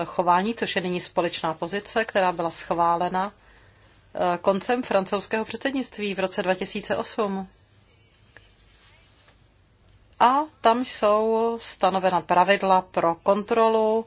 eh, chování, což je nyní společná pozice, která byla schválena eh, koncem francouzského předsednictví v roce 2008. A tam jsou stanovena pravidla pro kontrolu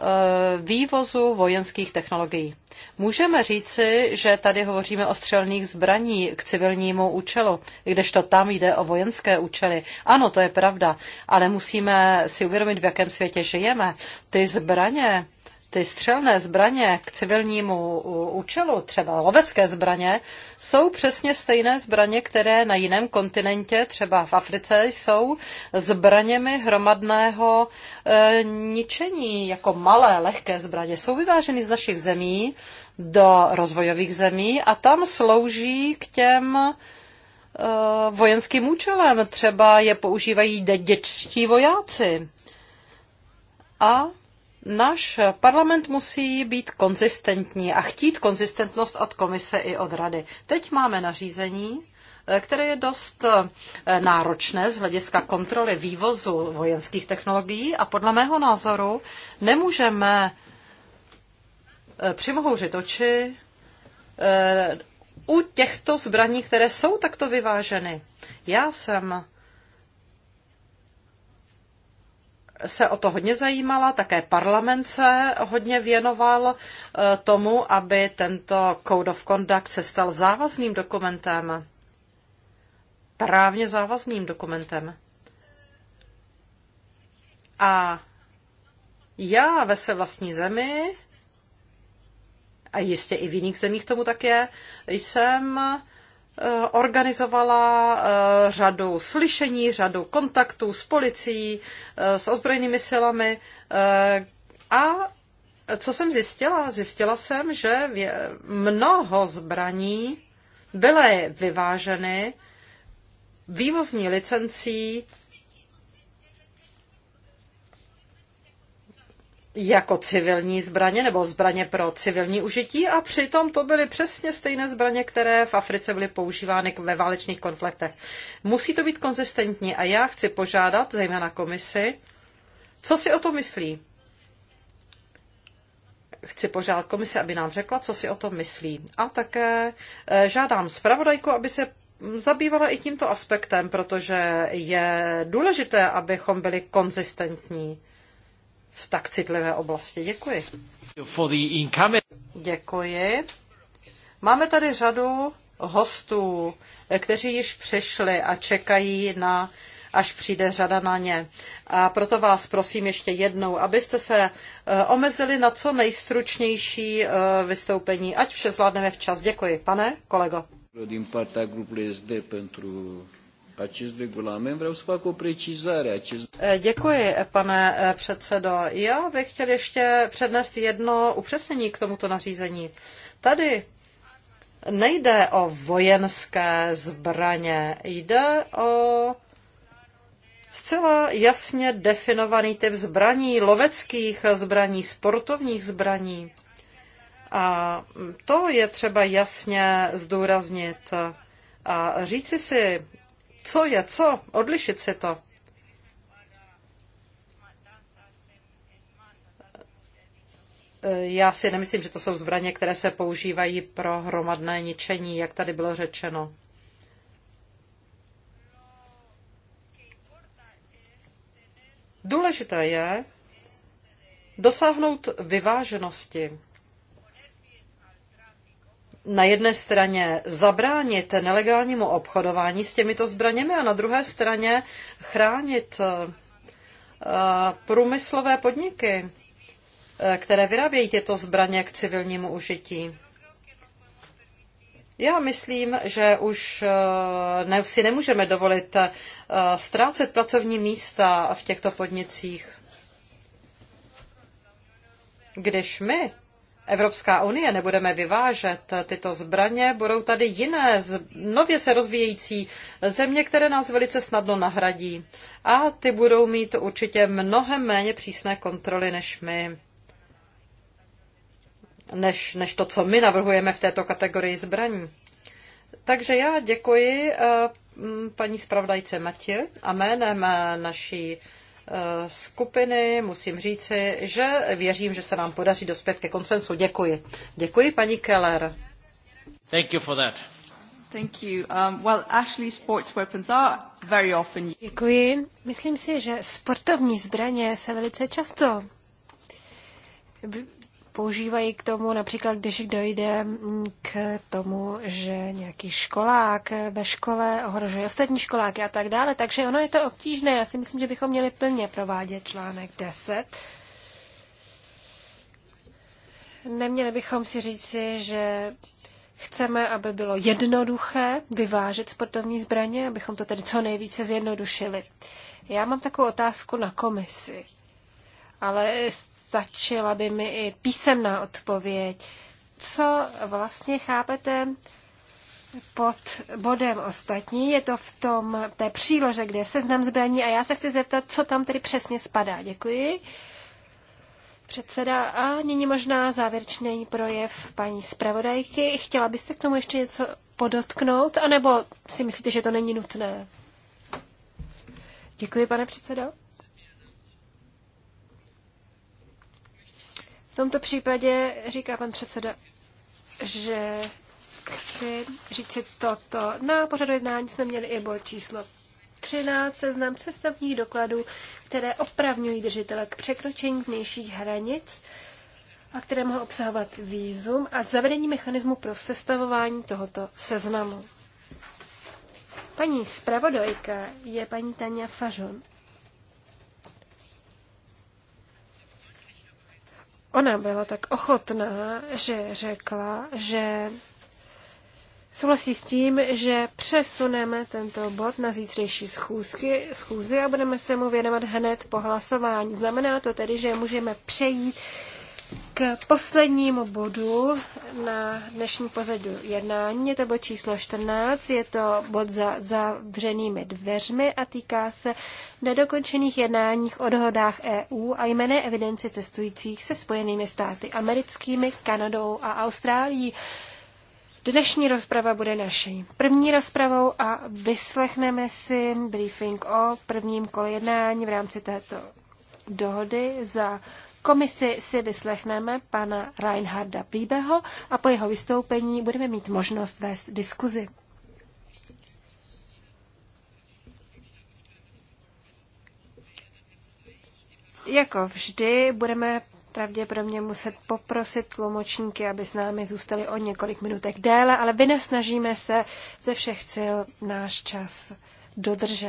Eh, vývozu vojenských technologií. Můžeme říci, že tady hovoříme o střelných zbraní k civilnímu účelu, kdežto tam jde o vojenské účely. Ano, to je pravda, ale musíme si uvědomit, v jakém světě žijeme. Ty zbraně ty střelné zbraně k civilnímu účelu, třeba lovecké zbraně, jsou přesně stejné zbraně, které na jiném kontinentě, třeba v Africe, jsou zbraněmi hromadného e, ničení, jako malé, lehké zbraně. Jsou vyváženy z našich zemí do rozvojových zemí a tam slouží k těm e, vojenským účelem. Třeba je používají dětští vojáci. A Náš parlament musí být konzistentní a chtít konzistentnost od komise i od rady. Teď máme nařízení, které je dost eh, náročné z hlediska kontroly vývozu vojenských technologií a podle mého názoru nemůžeme eh, přimohouřit oči eh, u těchto zbraní, které jsou takto vyváženy. Já jsem se o to hodně zajímala, také parlament se hodně věnoval e, tomu, aby tento Code of Conduct se stal závazným dokumentem. Právně závazným dokumentem. A já ve své vlastní zemi, a jistě i v jiných zemích tomu tak je, jsem Eh, organizovala eh, řadu slyšení, řadu kontaktů s policií, eh, s ozbrojenými silami a co jsem zjistila? Zjistila jsem, že mnoho zbraní byly vyváženy vývozní licencí jako civilní zbraně nebo zbraně pro civilní užití a přitom to byly přesně stejné zbraně, které v Africe byly používány ve válečných konfliktech. Musí to být konzistentní a já chci požádat zejména komisi, co si o to myslí. Chci požádat komisi, aby nám řekla, co si o to myslí. A také eh, žádám zpravodajku, aby se zabývala i tímto aspektem, protože je důležité, abychom byli konzistentní v tak citlivé oblasti. Děkuji. Děkuji. Máme tady řadu hostů, kteří již přišli a čekají na až přijde řada na ně. A proto vás prosím ještě jednou, abyste se e, omezili na co nejstručnější e, vystoupení, ať vše zvládneme včas. Děkuji. Pane kolego acest regulament. Vreau să fac o precizare. Acest... Eh, děkuji, pane eh, předsedo. Já bych chtěl ještě přednést jedno upřesnění k tomuto nařízení. Tady nejde o vojenské zbraně, jde o zcela jasně definovaný typ zbraní, loveckých zbraní, sportovních zbraní. A to je třeba jasně zdůraznit. A říci si, co je co, odlišit si to. Já si nemyslím, že to jsou zbraně, které se používají pro hromadné ničení, jak tady bylo řečeno. Důležité je dosáhnout vyváženosti na jedné straně zabránit nelegálnímu obchodování s těmito zbraněmi a na druhé straně chránit eh, průmyslové podniky, eh, které vyrábějí tyto zbraně k civilnímu užití. Já myslím, že už eh, si nemůžeme dovolit ztrácet pracovní místa v těchto podnicích. Když my Evropská unie, nebudeme vyvážet tyto zbraně, budou tady jiné, nově se rozvíjející země, které nás velice snadno nahradí. A ty budou mít určitě mnohem méně přísné kontroly než my. Než, než to, co my navrhujeme v této kategorii zbraní. Takže já děkuji eh, paní zpravodajce Matě a jménem eh, naší Eh, skupiny musím říci, že věřím, že se nám podaří dospět ke konsensu. Děkuji. Děkuji, paní Keller. Thank you for that. Thank you. Um, well, actually, sports weapons are very often... Děkuji. Myslím si, že sportovní zbraně se velice často používají k tomu, například když dojde mm, k tomu, že nějaký školák ve škole ohrožuje ostatní školáky a tak dále. Takže ono je to obtížné. Já si myslím, že bychom měli plně provádět článek 10. Neměli bychom si říci, že chceme, aby bylo jednoduché vyvážet sportovní zbraně, abychom to tedy co nejvíce zjednodušili. Já mám takovou otázku na komisi. Ale stačila by mi i písemná odpověď. Co vlastně chápete pod bodem ostatní? Je to v tom té přílože, kde je seznam zbraní a já se chci zeptat, co tam tedy přesně spadá. Děkuji. Předseda a nyní možná závěrečný projev paní zpravodajky. Chtěla byste k tomu ještě něco podotknout, anebo si myslíte, že to není nutné? Děkuji, pane předsedo. tomto případě říká pan předseda, že chci říci toto. Na pořadu jednání jsme měli i bod číslo 13, seznam cestovních dokladů, které opravňují držitele k překročení vnějších hranic a které mohou obsahovat výzum a zavedení mechanismu pro sestavování tohoto seznamu. Paní zpravodajka je paní Tania Fažon. ona byla tak ochotná, že řekla, že souhlasí s tím, že přesuneme tento bod na zítřejší schůzky, schůzy a budeme se mu věnovat hned po hlasování. Znamená to tedy, že můžeme přejít k poslednímu bodu na dnešní pořadu jednání. Je to bod číslo 14, je to bod za zavřenými dveřmi a týká se nedokončených jednáních o dohodách EU a jmené evidenci cestujících se Spojenými státy americkými, Kanadou a Austrálií. Dnešní rozprava bude naší první rozpravou a vyslechneme si briefing o prvním kole jednání v rámci této dohody za komisi si vyslechneme pana Reinharda Príbeho a po jeho vystoupení budeme mít možnost vést diskuzi. Jako vždy budeme pravděpodobně muset poprosit tlumočníky, aby s námi zůstali o několik minutek déle, ale vynesnažíme se ze všech sil náš čas dodržet.